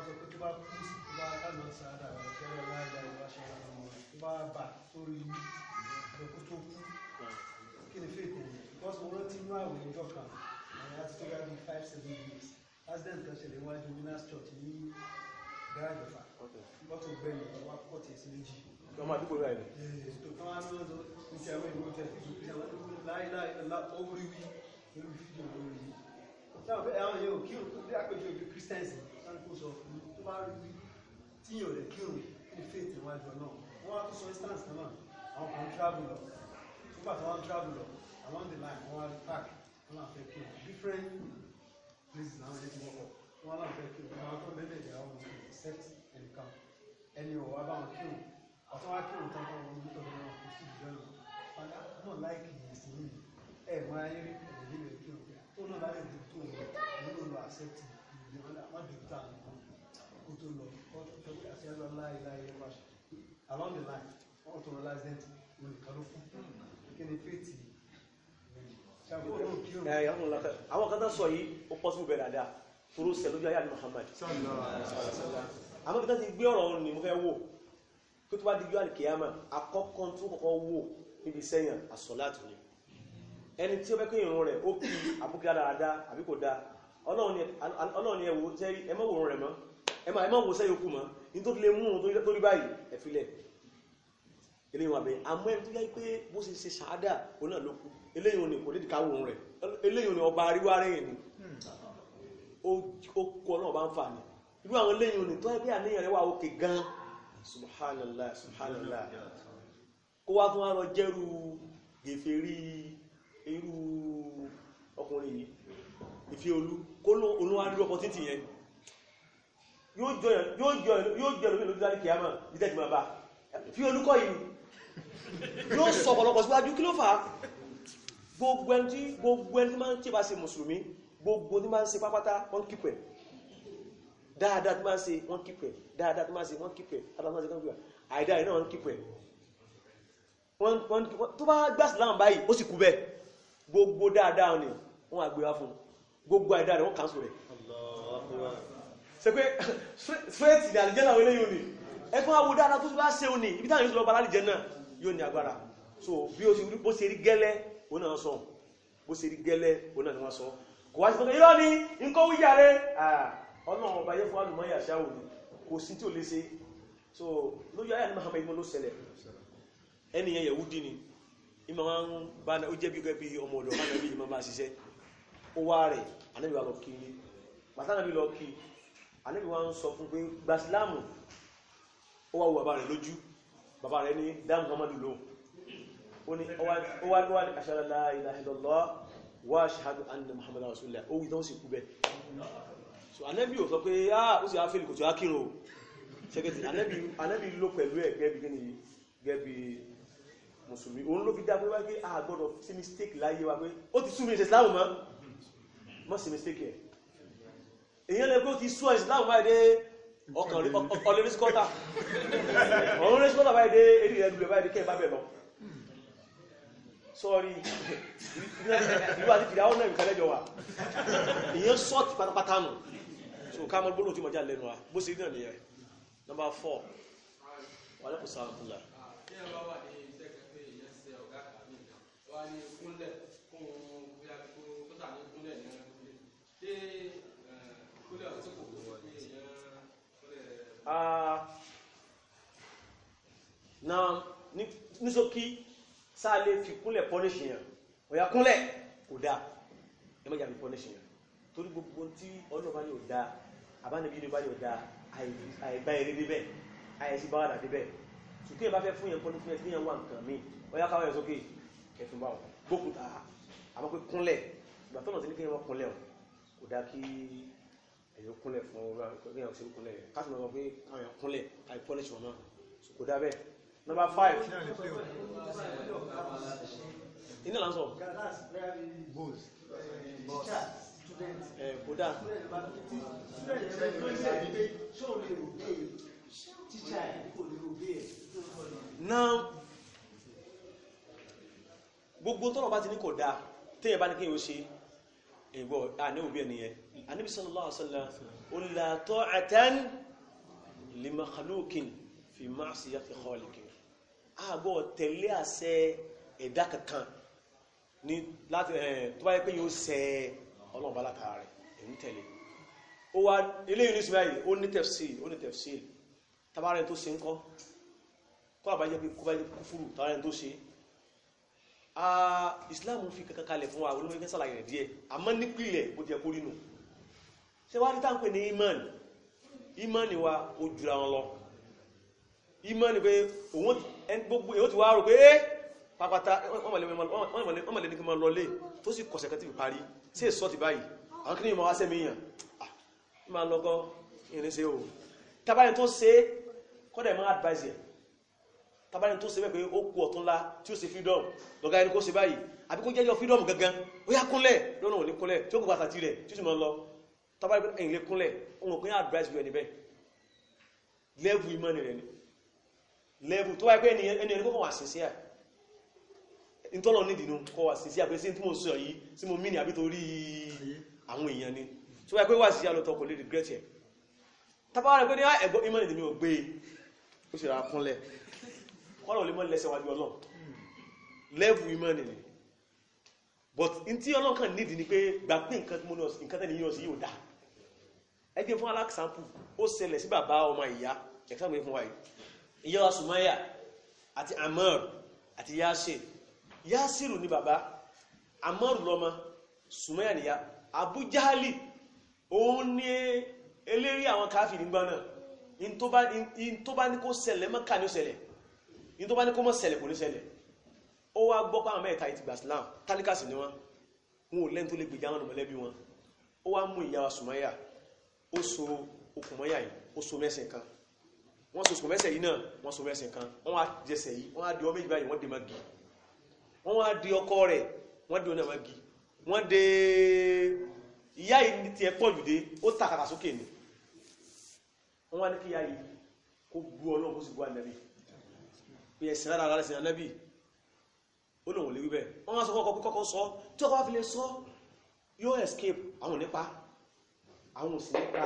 máa sọ pé tó bá kú sí tó bá dáná sáadà rẹ̀ kẹ́rẹ́ láìda ìwà ṣe ara wọn tó bá bà sórí ìdókó tó kú kí ni fèèkì rẹ̀ because mo rántí inú àwẹ̀ ìjọ kan àwọn láti tó yá bí five seven years accident kan ṣẹlẹ̀ wájú winners church ní garaajì fa mọ́tò gbẹ̀yìn ọ̀wá pọ̀tì èsì méjì. ọmọ àdúgbò rẹ̀ ni. ètò kan á lọ sọ ní ti àwọn ìlú tẹ̀ fi àwọn ìlú láìláì ọ̀la ó rí wí lórí fídíò yìí kálukú sọ fún tó bá rí tíyàn rẹ̀ kírun kí ni faith níwájú náà wọ́n wá tó sọ instance náà àwọn kan travel lọ nígbà tí wọ́n travel lọ along the line wọ́n wá rí park wọ́n náà fẹ́ kírun different places náà wọ́n ti wọ́pọ̀ wọ́n náà fẹ́ kírun wọ́n tó lẹ́lẹ̀ ìdí àwọn ọmọ except ẹnìkan ẹni ò wá bá wọn kírun ọ̀tọ́ wá kírun tán fún wọn nítorí wọn kò sí ìjọ́nà padà náà láìkì yìí sí yìí ẹ̀ mọ́ ayé rí ẹ̀rọ nílẹ̀ kírun tó náà láyé dùn tó wọn ló lọ ìjọba má bẹ̀rù tá à ń kó kó tó lọ kó tó pé àti ẹgbẹ́ ńlá ìlà ìlú wa around the line wọ́n tó lọ láti dẹ́ntì wọn nìkan ló fún kí ni fèètì àwọn kan tó sọ yìí ó pọ́ sí bẹ̀rẹ̀ dáadáa toro sẹ lójú ayé àti Muhammad àmọ́ bí tó ti gbé ọ̀rọ̀ ni mo fẹ́ wò kí tó bá di yóò àlìkèyàmà àkọ́kọ́ tó kọ́kọ́ wò níbi sẹ́yìn àsọ̀lá àtúnyẹ ẹni tí ó fẹ́ kí ìrún rẹ̀ ó kí àbúkẹ́ dáadáa àbí kò dáa ọlọ́run ni ẹwò sẹ́rí ẹ má wò rẹ̀ mọ́ ẹ má wò sẹ́yìn okú mọ́ ní tó lè mú un tó rí báyìí ẹ filẹ̀ eléyìn wà bẹ́ẹ̀ àmọ́ ẹni tó yá pé bó ṣe ṣe ṣáádà òun náà ló kú eléyìn òní kò lè dìka wò rẹ̀ eléyìn òní ọba àríwá rẹ̀ ni ó kú ọlọ́run bá ń fà ní irú àwọn eléyìn òní tó yẹ pé àníyàn rẹ̀ wà òkè gan subhanallah subhanallah kó wá fún wa lọ jẹ́rú gèfèrí irú ọkùnrin yìí ìfẹ́ olú kó ló olúwa ní opportunity yẹn yóò jọ ẹ̀lú lójú láti kìámà nítẹ̀jú máa bá fi olúkọ́ yìí yóò sọ ọ̀pọ̀lọpọ̀ síwájú kí ló fà á gbogbo ẹni tí gbogbo ẹni máa ń tí bá ṣe mùsùlùmí gbogbo ní máa ń ṣe pápátá wọ́n kípẹ̀ dáadáa tí máa ń ṣe wọ́n kípẹ̀ dáadáa tí máa ń ṣe wọ́n kípẹ̀ dáadáa tí máa ń ṣe wọ́n kípẹ̀ àìdá ìnáà wọ́n kípẹ̀ tó bá gbà sílámù báyìí ó sì kú bẹ́ẹ̀ gbogbo dáadáa ni wọ́n á gbé wá fún un gbogbo àìdá rẹ̀ wọ́n kàásù rẹ̀ ṣe pé straight ní àlìjẹ́nà wọlé yóò ní ẹkùn àwọ̀ dáadáa tó bá ṣe òní ibi táwọn ìṣòro balá àlìjẹ́nà yóò ní agbára so bí ṣe rí gẹ́lẹ́ òun náà sọ bó ṣe rí gẹ́lẹ́ òun náà ni wọ́n sọ kò wá sí ni nǹkan rẹ̀ ọlọ́run ọba yẹ fún òní kò sí tí ò lè ṣe so ayé àdìmọ́ ló ṣẹlẹ̀ anabi wa lọ kí i pàtàkì anabi lọ kí i anabi wa ń sọ fún pé gba sílámù ó wá wo bàbá rẹ lójú bàbá rẹ ní dáhùn muhammadu lò ó ní ó wá lọ́wọ́ ní ashhadu la ilaha illallah wa ashhadu anna muhammadu rasulullah ó wí tán sì kú bẹ́ẹ̀ so anabi ò sọ pé ah ó sì á fèlè kò tó á kírun o ṣẹ́gẹ́tì anabi ló pẹ̀lú ẹ̀ gẹ́bí kí ni gẹ́bí mùsùlùmí òun ló fi dá pé wáyé a gbọ́dọ̀ sí mistake láyé wa pé ó ti súnmí ìṣẹ̀sìláwò mọ́ má ṣe mistake ẹ̀ èyàn lè kó ti sú ẹ̀ islam báyìí dé ọkàn lè skọ́tà ọ̀run lè skọ́tà báyìí dé eré rẹ̀ lulẹ̀ báyìí dé kẹ́ bá bẹ̀ lọ sọ́ọ̀rí ìlú àti fìdáwọ́ náà ìkàlẹ́jọ wà èyàn sọ́ọ̀tì pátápátá nù so ká mọ́ gbólóhùn tí mo já lẹ́nu wa bó ṣe náà nìyẹn nọmba fọ́ wàlẹ́kùn sáà fúnlá. Ah, na nísókí sáà lè fi kúnlẹ̀ pọ́níṣì yàn ọ̀yà kúnlẹ̀ kò dáa ẹ má jàbí pọ́níṣì yàn torí gbogbo tí ọlọ́run bá ní ò dáa àbánibí ní bá ní ò dáa àìbá eré bíbẹ̀ àìsí bá wà dà bíbẹ̀ tùkú ẹ̀ bá fẹ́ fún yẹn pọ́níṣì yẹn fi yẹn wà nǹkan míì ọ̀yà káwọn yẹn sókè kẹfìn bá wọn gbókùtà àmọ́ pé kúnlẹ̀ ìgbà tọ́nà sí ní kí wọ́n kúnlẹ̀ ò dáa kí èyàn kúnlẹ̀ fún ọba kí èyàn ṣe kúnlẹ̀ yẹn káàtì pé àwọn èyàn kúnlẹ̀ àì pọ́líṣì wọn náà kò dá nọmba five iná là ń sọ bódà náà gbogbo tọ́lọ̀ bá ti ní kò dáa téèyàn bá ní kéèyàn ó ṣe ẹgbọ́ àníwò bí ẹniyẹn anábi sallallahu alaihi wasallam la ta'atan li makhluqin fi ma'siyati khaliqin àgbọ̀ tẹ̀lé àṣẹ ẹ̀dá kankan ní láti ẹ̀ tó bá yẹ pé yóò ṣẹ ọlọ́ọ̀bá látara rẹ̀ èmi tẹ̀lé ó wá eléyìí ní sùmáyì ó ní tafsil ó ní tafsil tabarẹ̀ tó ṣe ń kọ́ kọ́ àbájẹ́ kó bá kúfúrú tabarẹ̀ tó ṣe islam fi kankan kalẹ̀ fún wa olómi fẹ́ sàlàyé rẹ̀ díẹ̀ àmọ́ nípìnlẹ̀ bó ti ẹkú rínú ṣe wá rí táǹpẹ̀ ní iman iman wa ó jura wọn lọ iman pé òun gbogbo èyí ó ti wá rò pé é pápátá wọ́n mọ̀lẹ́ ní kí n máa lọlé tó sì kọ̀sẹ̀ kan ti fi parí sí èso ti báyìí àwọn kí ni ìmọ̀ wá sẹ́mi yàn máa lọ́kọ́ ìrìnṣẹ́ o tàbáyìn tó ṣe kọ́dẹ̀ máa advise yẹn tabani tó ṣe bẹ́ẹ̀ pé ó kú ọ̀túnla tí ó se freedom lọ́gá ẹni kó ṣe báyìí àbí kó jẹ́jọ́ freedom gangan ó yá kúnlẹ̀ lọ́nà òní kúnlẹ̀ tí ó kò bàtà tirẹ̀ tí ó sì mọ́ lọ tabani ẹ̀yìn lè kúnlẹ̀ òun òpin advice rẹ̀ níbẹ̀ lẹ́bù ìmọ̀ rẹ̀ ni lẹ́bù tó wáyé pé ẹni ẹni kó kàn wà sínsíà ìtọ́lọ̀ nídìí nu kọ́ wà sínsíà pé sí tí mo sọ yìí sí mo mìíní àbí torí àwọn èèyàn ni tó wáyé pé wà sínsíà lọ́tọ̀ kò lè regret ẹ̀ tabani pé ní ah, ẹ̀gbọ́n ìmọ̀ rẹ̀ ni mi ò gbé e ó sì rà kúnlẹ̀ kọ́lọ̀ lè mọ́ lẹ́sẹ̀ wájú ọlọ́run lẹ́bù ìmọ̀ nìyí but n tí ọlọ́run kàn nídìí ni pé gbà pé nǹkan tí mo ní ọ̀sìn nǹkan tẹ́lẹ̀ yíyan sí yóò dá ẹ jẹ́ fún aláxàmpù ó ṣẹlẹ̀ sí bàbá ọmọ ìyá ẹ̀kọ́ mi fún wa yìí ìyá wa Sùmáyà àti Amar àti Yasir Yasiru ni bàbá Amar lọ́mọ Sùmáyà nìyá Abu Jahali òun ni eléri àwọn káfíìn nígbà náà in tó bá ní kó ṣẹlẹ̀ mọ́kà ní ó ṣẹlẹ̀ ní tó bá ní kó mọ́ ṣẹlẹ̀ kò ní ṣẹlẹ̀ ó wá gbọ́ pàmò mẹ́ta ìtì gbà Islam tálíkàsì ni wọ́n wọn ò lẹ́ni tó lè gbèjà wọn mọ̀lẹ́bí wọn ó wá mú ìyá wa Sùmáyà ó so okùn mọ́yà yìí ó so mẹ́sẹ̀ kan wọ́n so okùn mẹ́sẹ̀ yìí náà wọ́n so mẹ́sẹ̀ kan wọ́n á jẹsẹ̀ yìí wọ́n á di ọmọ méjì báyìí wọ́n dè magi wọ́n wá di ọkọ rẹ̀ wọ́n dè ọ̀nà magi wọ́n dé ìyá yìí tiẹ̀ pọ̀ jù dé ó tàkàtà sókè ni wọ́n wá ní kí ìyá yìí kó gbú ọlọ́run kó sì gbú ànábì pé ẹ̀sìn lára ara ẹ̀sìn anábì ó lòun lè wí bẹ́ẹ̀ wọ́n máa sọ kọ́kọ́ pé kọ́kọ́ sọ tí ọkọ̀ wá fi lè sọ yóò escape àwọn nípa àwọn òsì nípa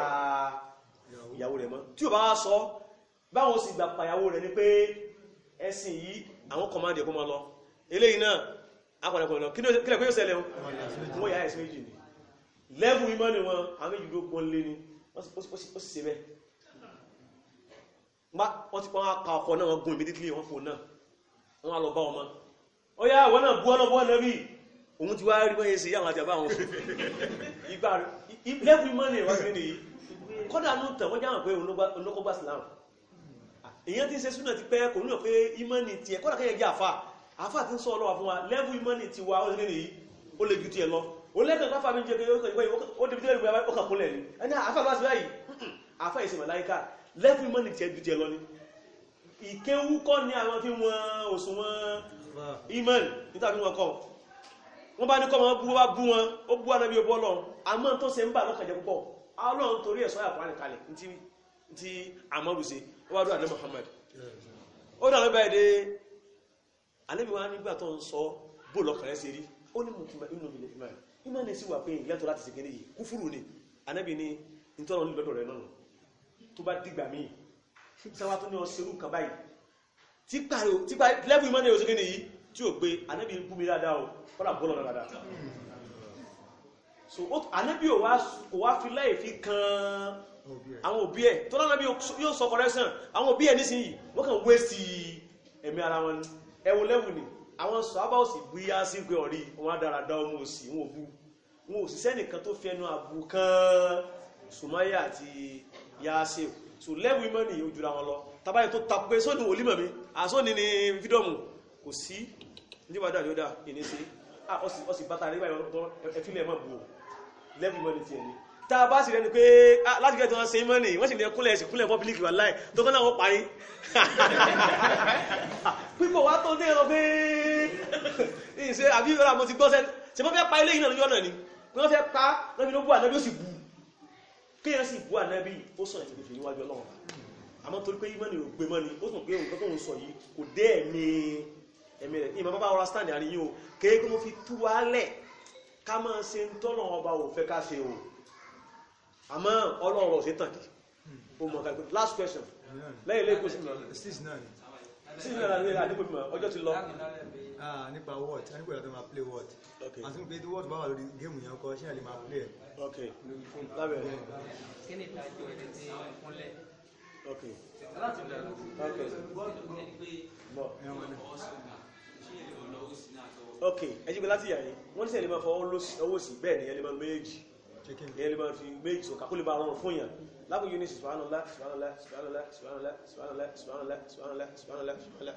ìyàwó rẹ̀ mọ́ tí ò bá wá sọ báwọn sì gbà pàyàwó rẹ̀ ni pé ẹ̀sìn yìí àwọn kọ̀máàdì ẹ̀kọ́ máa lọ eléyìí náà akọ̀lẹ̀kọ̀ lọ kí lẹ̀ pé yóò ṣẹlẹ̀ wọ́n yà ẹ̀sìn méjì ni lẹ́bùn ìmọ̀ ni wọn àwọn méjì wọ́n ti pọ́n pa ọkọ̀ náà wọ́n gún immediately wọ́n fò náà wọ́n lọ bá ọmọ ó yá wọ́n náà bú ọlọ́bọ́ ẹ̀nàbí òun ti wá rí wọ́n yẹ sí yàwọn àti àbá àwọn òfin ìgbà lẹ́bù mọ́nì wọ́n sí nìyí kọ́dà ló tàn wọ́n jáwọn pé olókọ́gbà Islam èyàn ti ṣe súnà ti pẹ́ kò nílò pé ìmọ́nì tiẹ̀ kọ́dà kẹ́yẹ jẹ́ àfà àfà ti ń sọ ọlọ́wà fún wa lẹ́bù ìmọ́nì ti wa ó sí nìyí ó le ju tiẹ̀ lọ ó lẹ́kàn káfà mi jẹ́ pé ó débi tí ó kàn kúnlẹ̀ ni ẹni àfà bá sí báyìí àfà ìsìn màláíkà lẹ́fù ìmọ̀nì tiẹ̀ ju tiẹ̀ lọ ni ìkéwú kọ́ ni àwọn fi wọn òṣùwọ̀n ìmọ̀nì níta fi wọn kọ́ wọ́n bá ní kọ́ wọn bú wọn bú wọn ó bú anábí ọbọ̀ lọ àmọ́ tó ṣe ń bà lọ́kàn jẹ́ púpọ̀ ọlọ́run torí ẹ̀ sọ́yà kwan kalẹ̀ ti àmọ́rù ṣe wọ́n wá dúró àná Muhammad ó dànù báyìí dé anábí wọn nígbà tó ń sọ bó lọ́kàn rẹ̀ ṣe rí ó ní mùtúmọ̀ inú mi lè fi máa ìmọ̀ ní sí wà pé ìyàtọ̀ láti ṣe kéde yìí kúfúrú ni anábí ni nítorí wọn lọ́dọ̀ rẹ̀ náà tó bá dìgbà míì sáwá tó ní ọ̀sẹ̀rù nǹkan báyìí típa lẹ́bù ìmọ́ ní oṣù kí nìyí tí ó gbé anábì ń bú mi dáadáa o kọ́nà bọ́lọ̀ dáadáa so anábì ò wá fi láì fi kan àwọn òbí ẹ̀ tó lọ́nà bí yóò sọ correction àwọn òbí ẹ̀ nísìnyí wọ́n kàn wé sí ẹ̀mí ara wọn ẹ̀wọ̀n lẹ́wù ni àwọn sọ abá òsì bú yá sí pé ọ̀rí wọn á dára dá ọmọ òsì wọn ò bú wọn ò sì sẹ́nìkan tó fi ẹnu àbù kan Sùmáyà àti yasif so level imani yóò jura wọn lọ tàbáyé tó takò pé sódò wòlímọ̀ mi àsó ni ni fídọ́mù kò sí níwájú àdíọ́dá ìní sí ọ̀sì bàtà nígbà ẹ̀fílẹ̀ mọ̀ bù ó level imani ti ẹni tá a bá sì rẹni pé láti gẹ́gẹ́ tí wọ́n ṣe imani wọ́n sì ní ẹkúnlẹ̀ ẹ̀sìn kúnlẹ̀ public wà láì tó kọ́ láwọn parí pípọ̀ wá tó dé ọ pé ìṣe àbí ìrọ̀lá mo ti gbọ́ sẹ́ni ṣe fẹ́ pa ilé yìí náà ní yọ̀nà ni wọ́n fẹ́ pa lọ́bi ló bù àná bí ó sì bù kéèyàn bú ànábì ó sọ̀rọ̀ ìtìkò fèrè wájú ọlọ́run àmọ́ torí pé ìmọ̀ ò gbé mọ́ ó tún pé nǹkan tó ń sọ yìí kò dé ẹ̀mí ẹ̀mí rẹ̀ ìmọ̀ bàbá ọ̀rọ̀ stand àríyìn o kéèkó mo fi tú wa lẹ̀ ká máa ṣe ń tọ́nà ọba ò fẹ́ ká ṣe o àmọ́ ọlọ́run ọ̀sẹ̀ tàn kì ó mọ̀ kàgbé last question lẹ́yìn lẹ́kọ̀ọ́ sí mi. Ah, nípa word a nípa ìlànà máa play word àti pé tí word bá wà lórí géèmù yẹn kọ ṣé ẹ máa play ẹ. ok lábẹ́ rẹ̀. kí ni ìdájọ́ ẹni tí wọ́n kúnlẹ̀. ok lè máa fi méjì sọ kakó lè bá rọrùn fún yàn lágbo yóò ní subhanallah subhanallah subhanallah subhanallah subhanallah subhanallah subhanallah subhanallah subhanallah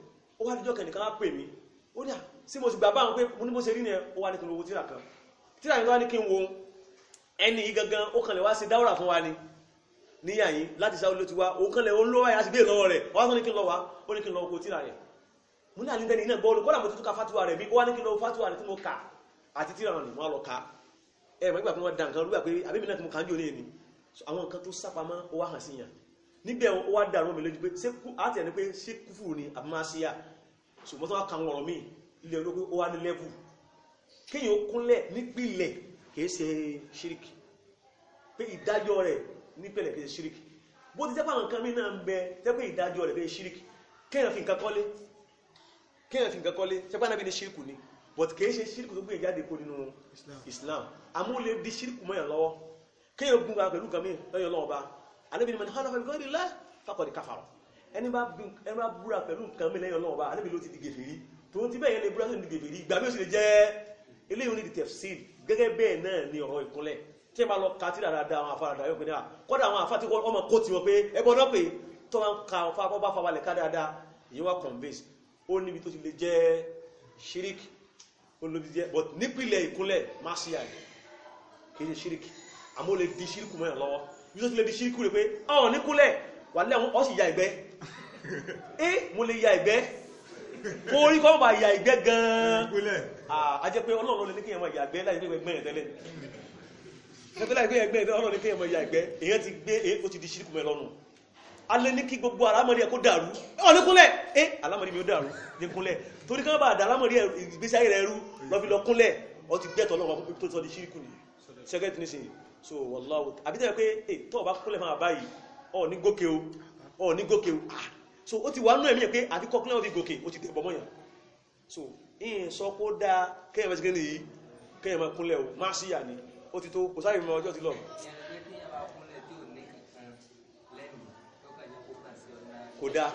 ó wá díjọ́ kẹ̀nìkan wá pè mí ó dà sí mo sì gbà báwọn pé mo ní mo ṣe rí ni ó wá ní kí n wo tíra kan tíra yìí wá ní kí n wo ẹni yìí gangan ó kàn lè wá sí dáwọ́rà fún wa ni níyà yìí láti sáwọ́ ló ti wá ó kàn lè ó lọ́wọ́ yà sí gbé lọ́wọ́ rẹ̀ ó wá tó ní kí n lọ wá ó ní kí n lọ wo tíra yẹn mo ní àlíndẹ́ni iná gbọ́ọ̀lù kọ́lá mo tuntun ka fatuwa rẹ̀ bí ó wá ní kí n lọ fatuwa rẹ̀ tí mo kà àti tíra rẹ̀ mo lọ ka ẹ mọ̀ nígbà pé wọ́n da nǹkan rúgbà pé àbí mi náà ti mo kà ń jò léèní àwọn nǹkan tó sápamọ́ ó wá hàn síyàn níbẹ̀ ó wá dàrú mi lójú pé ṣé àti ẹni pé ṣé kúfùrù ni àbí máa ṣíyà ṣùgbọ́n tó wá kan ọ̀rọ̀ míì ilé ológun ó wá ní lẹ́bù kéèyàn kúnlẹ̀ nípìlẹ̀ kìí ṣe ṣíríkì pé ìdájọ́ rẹ̀ nípìlẹ̀ kìí ṣe ṣíríkì bó ti jẹ́pàá nǹkan mìíràn ń bẹ jẹ́pẹ́ ìdájọ́ rẹ̀ kìí ṣíríkì kéèyàn fi nǹkan kọ́lé kéèyàn fi nǹkan kọ́lé jẹ́pàá náà bí ní ṣíríkù ni but kìí ṣe ṣíríkù tó gbé ìjáde kó nínú Islam amúlé di ṣíríkù mọ́yàn lọ́wọ́ kéèyàn gun pẹ̀lú nǹkan mìíràn lọ́yọ̀ lọ́wọ́ bá alẹ́bìnrin mọ̀ ní hàn ẹni bá búra pẹ̀lú nǹkan mi lẹ́yìn ọlọ́ọ̀bá alẹ́bí ló ti di gèfèrí tó ti bẹ́ẹ̀ yẹn lè búra sí di gèfèrí ìgbà bí ó sì lè jẹ́ eléyìí ní tafsir gẹ́gẹ́ bẹ́ẹ̀ náà ni ọ̀rọ̀ ìkúnlẹ̀ tí ẹ bá lọ ka tí dáadáa àwọn afárá dáyọ̀ pé náà kọ́dà àwọn afá tí wọ́n mọ̀ kó tiwọn pé ẹ bọ́ náà pé tó máa ń ka àwọn afá bá fa balẹ̀ ká dáadáa èyí shirik olóbi jẹ́ but nípìnlẹ̀ ìkúnlẹ̀ má sí àyè kì shirik àmọ́ ó lè di shirik mọ́ ẹ̀ lọ́wọ́ ibi tó ti lè di shirik wà lẹ́wọ̀n ọ̀ sì ya ìgbẹ́ ẹ́ eh, mo lè ya ìgbẹ́ kó orí kọ́ bá ya ìgbẹ́ gan-an a jẹ́ pé ọlọ́run lè ní kí ẹ máa ya ìgbẹ́ láì pé gbẹ́yìn tẹ́lẹ̀ ẹgbẹ́ láì pé ẹgbẹ́ tẹ́lẹ̀ ọlọ́run ní kí ẹ máa ya ìgbẹ́ èyàn ti gbé èyí ó ti di ṣírìkù mẹ́ lọ́rùn a lè ní kí gbogbo àlámọ̀rí ẹ̀ kó dàrú ọ̀ ní kúnlẹ̀ ẹ́ eh, àlámọ̀rí mi ó dàrú ní kúnlẹ̀ torí kán bá àdá àlámọ̀rí ìgbésí ayé rẹ̀ rú lọ́bí lọ kúnlẹ̀ ọ ti gbẹ́tọ̀ ọlọ́run tó sọ di ṣírìkù ni ṣẹ́gẹ́tì ní sìn so wọ́n lọ́wọ́ àbí tẹ́lẹ̀ pé eh, tó o bá kúnlẹ̀ máa báyìí ọ̀ ní gòkè o ọ̀ ní gòkè o ah, so ó ti wà nú ẹ̀mí ẹ̀ pé àti kọ́kílẹ̀ wọn fi gòkè ó ti dẹ̀bọ̀ mọ́yàn so ìyìn sọ kó dáa kẹ́yìn bẹ́ẹ̀ ti gé nìyí kẹ́yìn máa kúnlẹ̀ o máa ṣíyà ni ó ti tó kò sáré mọ ọjọ́ ti lọ. kò dáa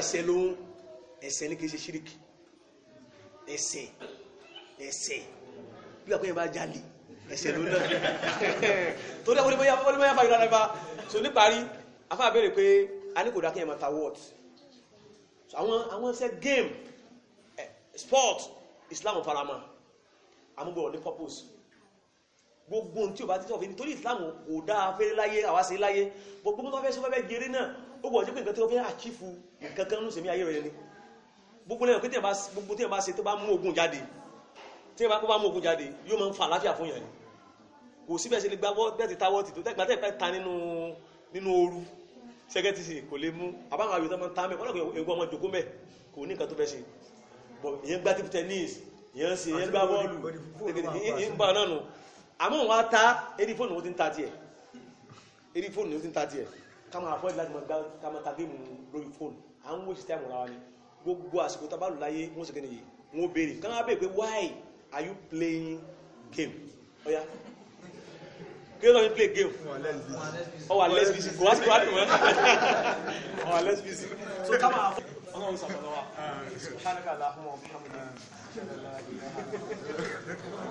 ẹsẹ̀ ló ń ẹsẹ̀ ní kìí ṣe ṣíríkì ẹsẹ̀ ẹsẹ̀ bí àpẹẹrẹ bá jalè ẹsẹ̀ ló náà torí àwọn olùmọ̀yà fàyọ̀ lára bá so níparí afáàbẹ̀rẹ̀ pé a ní kò dákẹ́ ẹ̀mọ̀ ta word so àwọn àwọn ṣe game eh, sport Islam farama amúgbọ̀rọ̀ ní purpose gbogbo tí o bá títọ̀ fi nítorí Islam kò dáa fẹ́ láyé àwa ṣe láyé gbogbo tó fẹ́ sọ fẹ́ gẹ̀rẹ́ náà ó gbọ́ jẹ́ pé nǹkan tí wọ́n fẹ́ àchífù nǹkan kan ní sèmi ayé rẹ̀ ni gbogbo lẹ́yìn pé gbogbo tí ẹ bá ṣe tó bá mú ogun jáde tí ẹ bá kó bá mú ogun jáde yóò máa ń fa àlàáfíà fún yàn ni kò síbẹ̀ sí lè gbàgbọ́ bẹ́ẹ̀ ti táwọ́ ti tó tẹ́gbàtẹ́ pẹ́ ta nínú ooru sẹ́kẹ́tìsì kò lè mú àbáwọn àwòrán tó máa ń tá mẹ́ wọ́n ewu ọmọ jòkó mẹ́ kò ní nǹkan tó fẹ́ ṣe bọ̀ ìyẹn gbá tíbi tennis ìyẹn sì ìyẹn gbá bọ́ọ̀lù ìyẹn bá náà nù wọn á ta eré fóònù ó ti ń ta tiẹ̀ eré fóònù ó ti ń ta tiẹ̀ ká máa fọ́ọ̀dì láti máa ta géèmù lórí fóònù à ń wéṣẹ̀ táìmù ra wa ni gbogbo àsìkò tá a bá lò láyé wọ́n sì kéde yìí wọ́n béèrè káwọn á pé why are you playing game? Oh yeah kí ló ń play game ọwà lẹ́sbíìsì kò wá sí wàá nìwọ̀n ọwà lẹ́sbíìsì so ká máa fọ́ ọlọ́run sàmọ́lọ́wà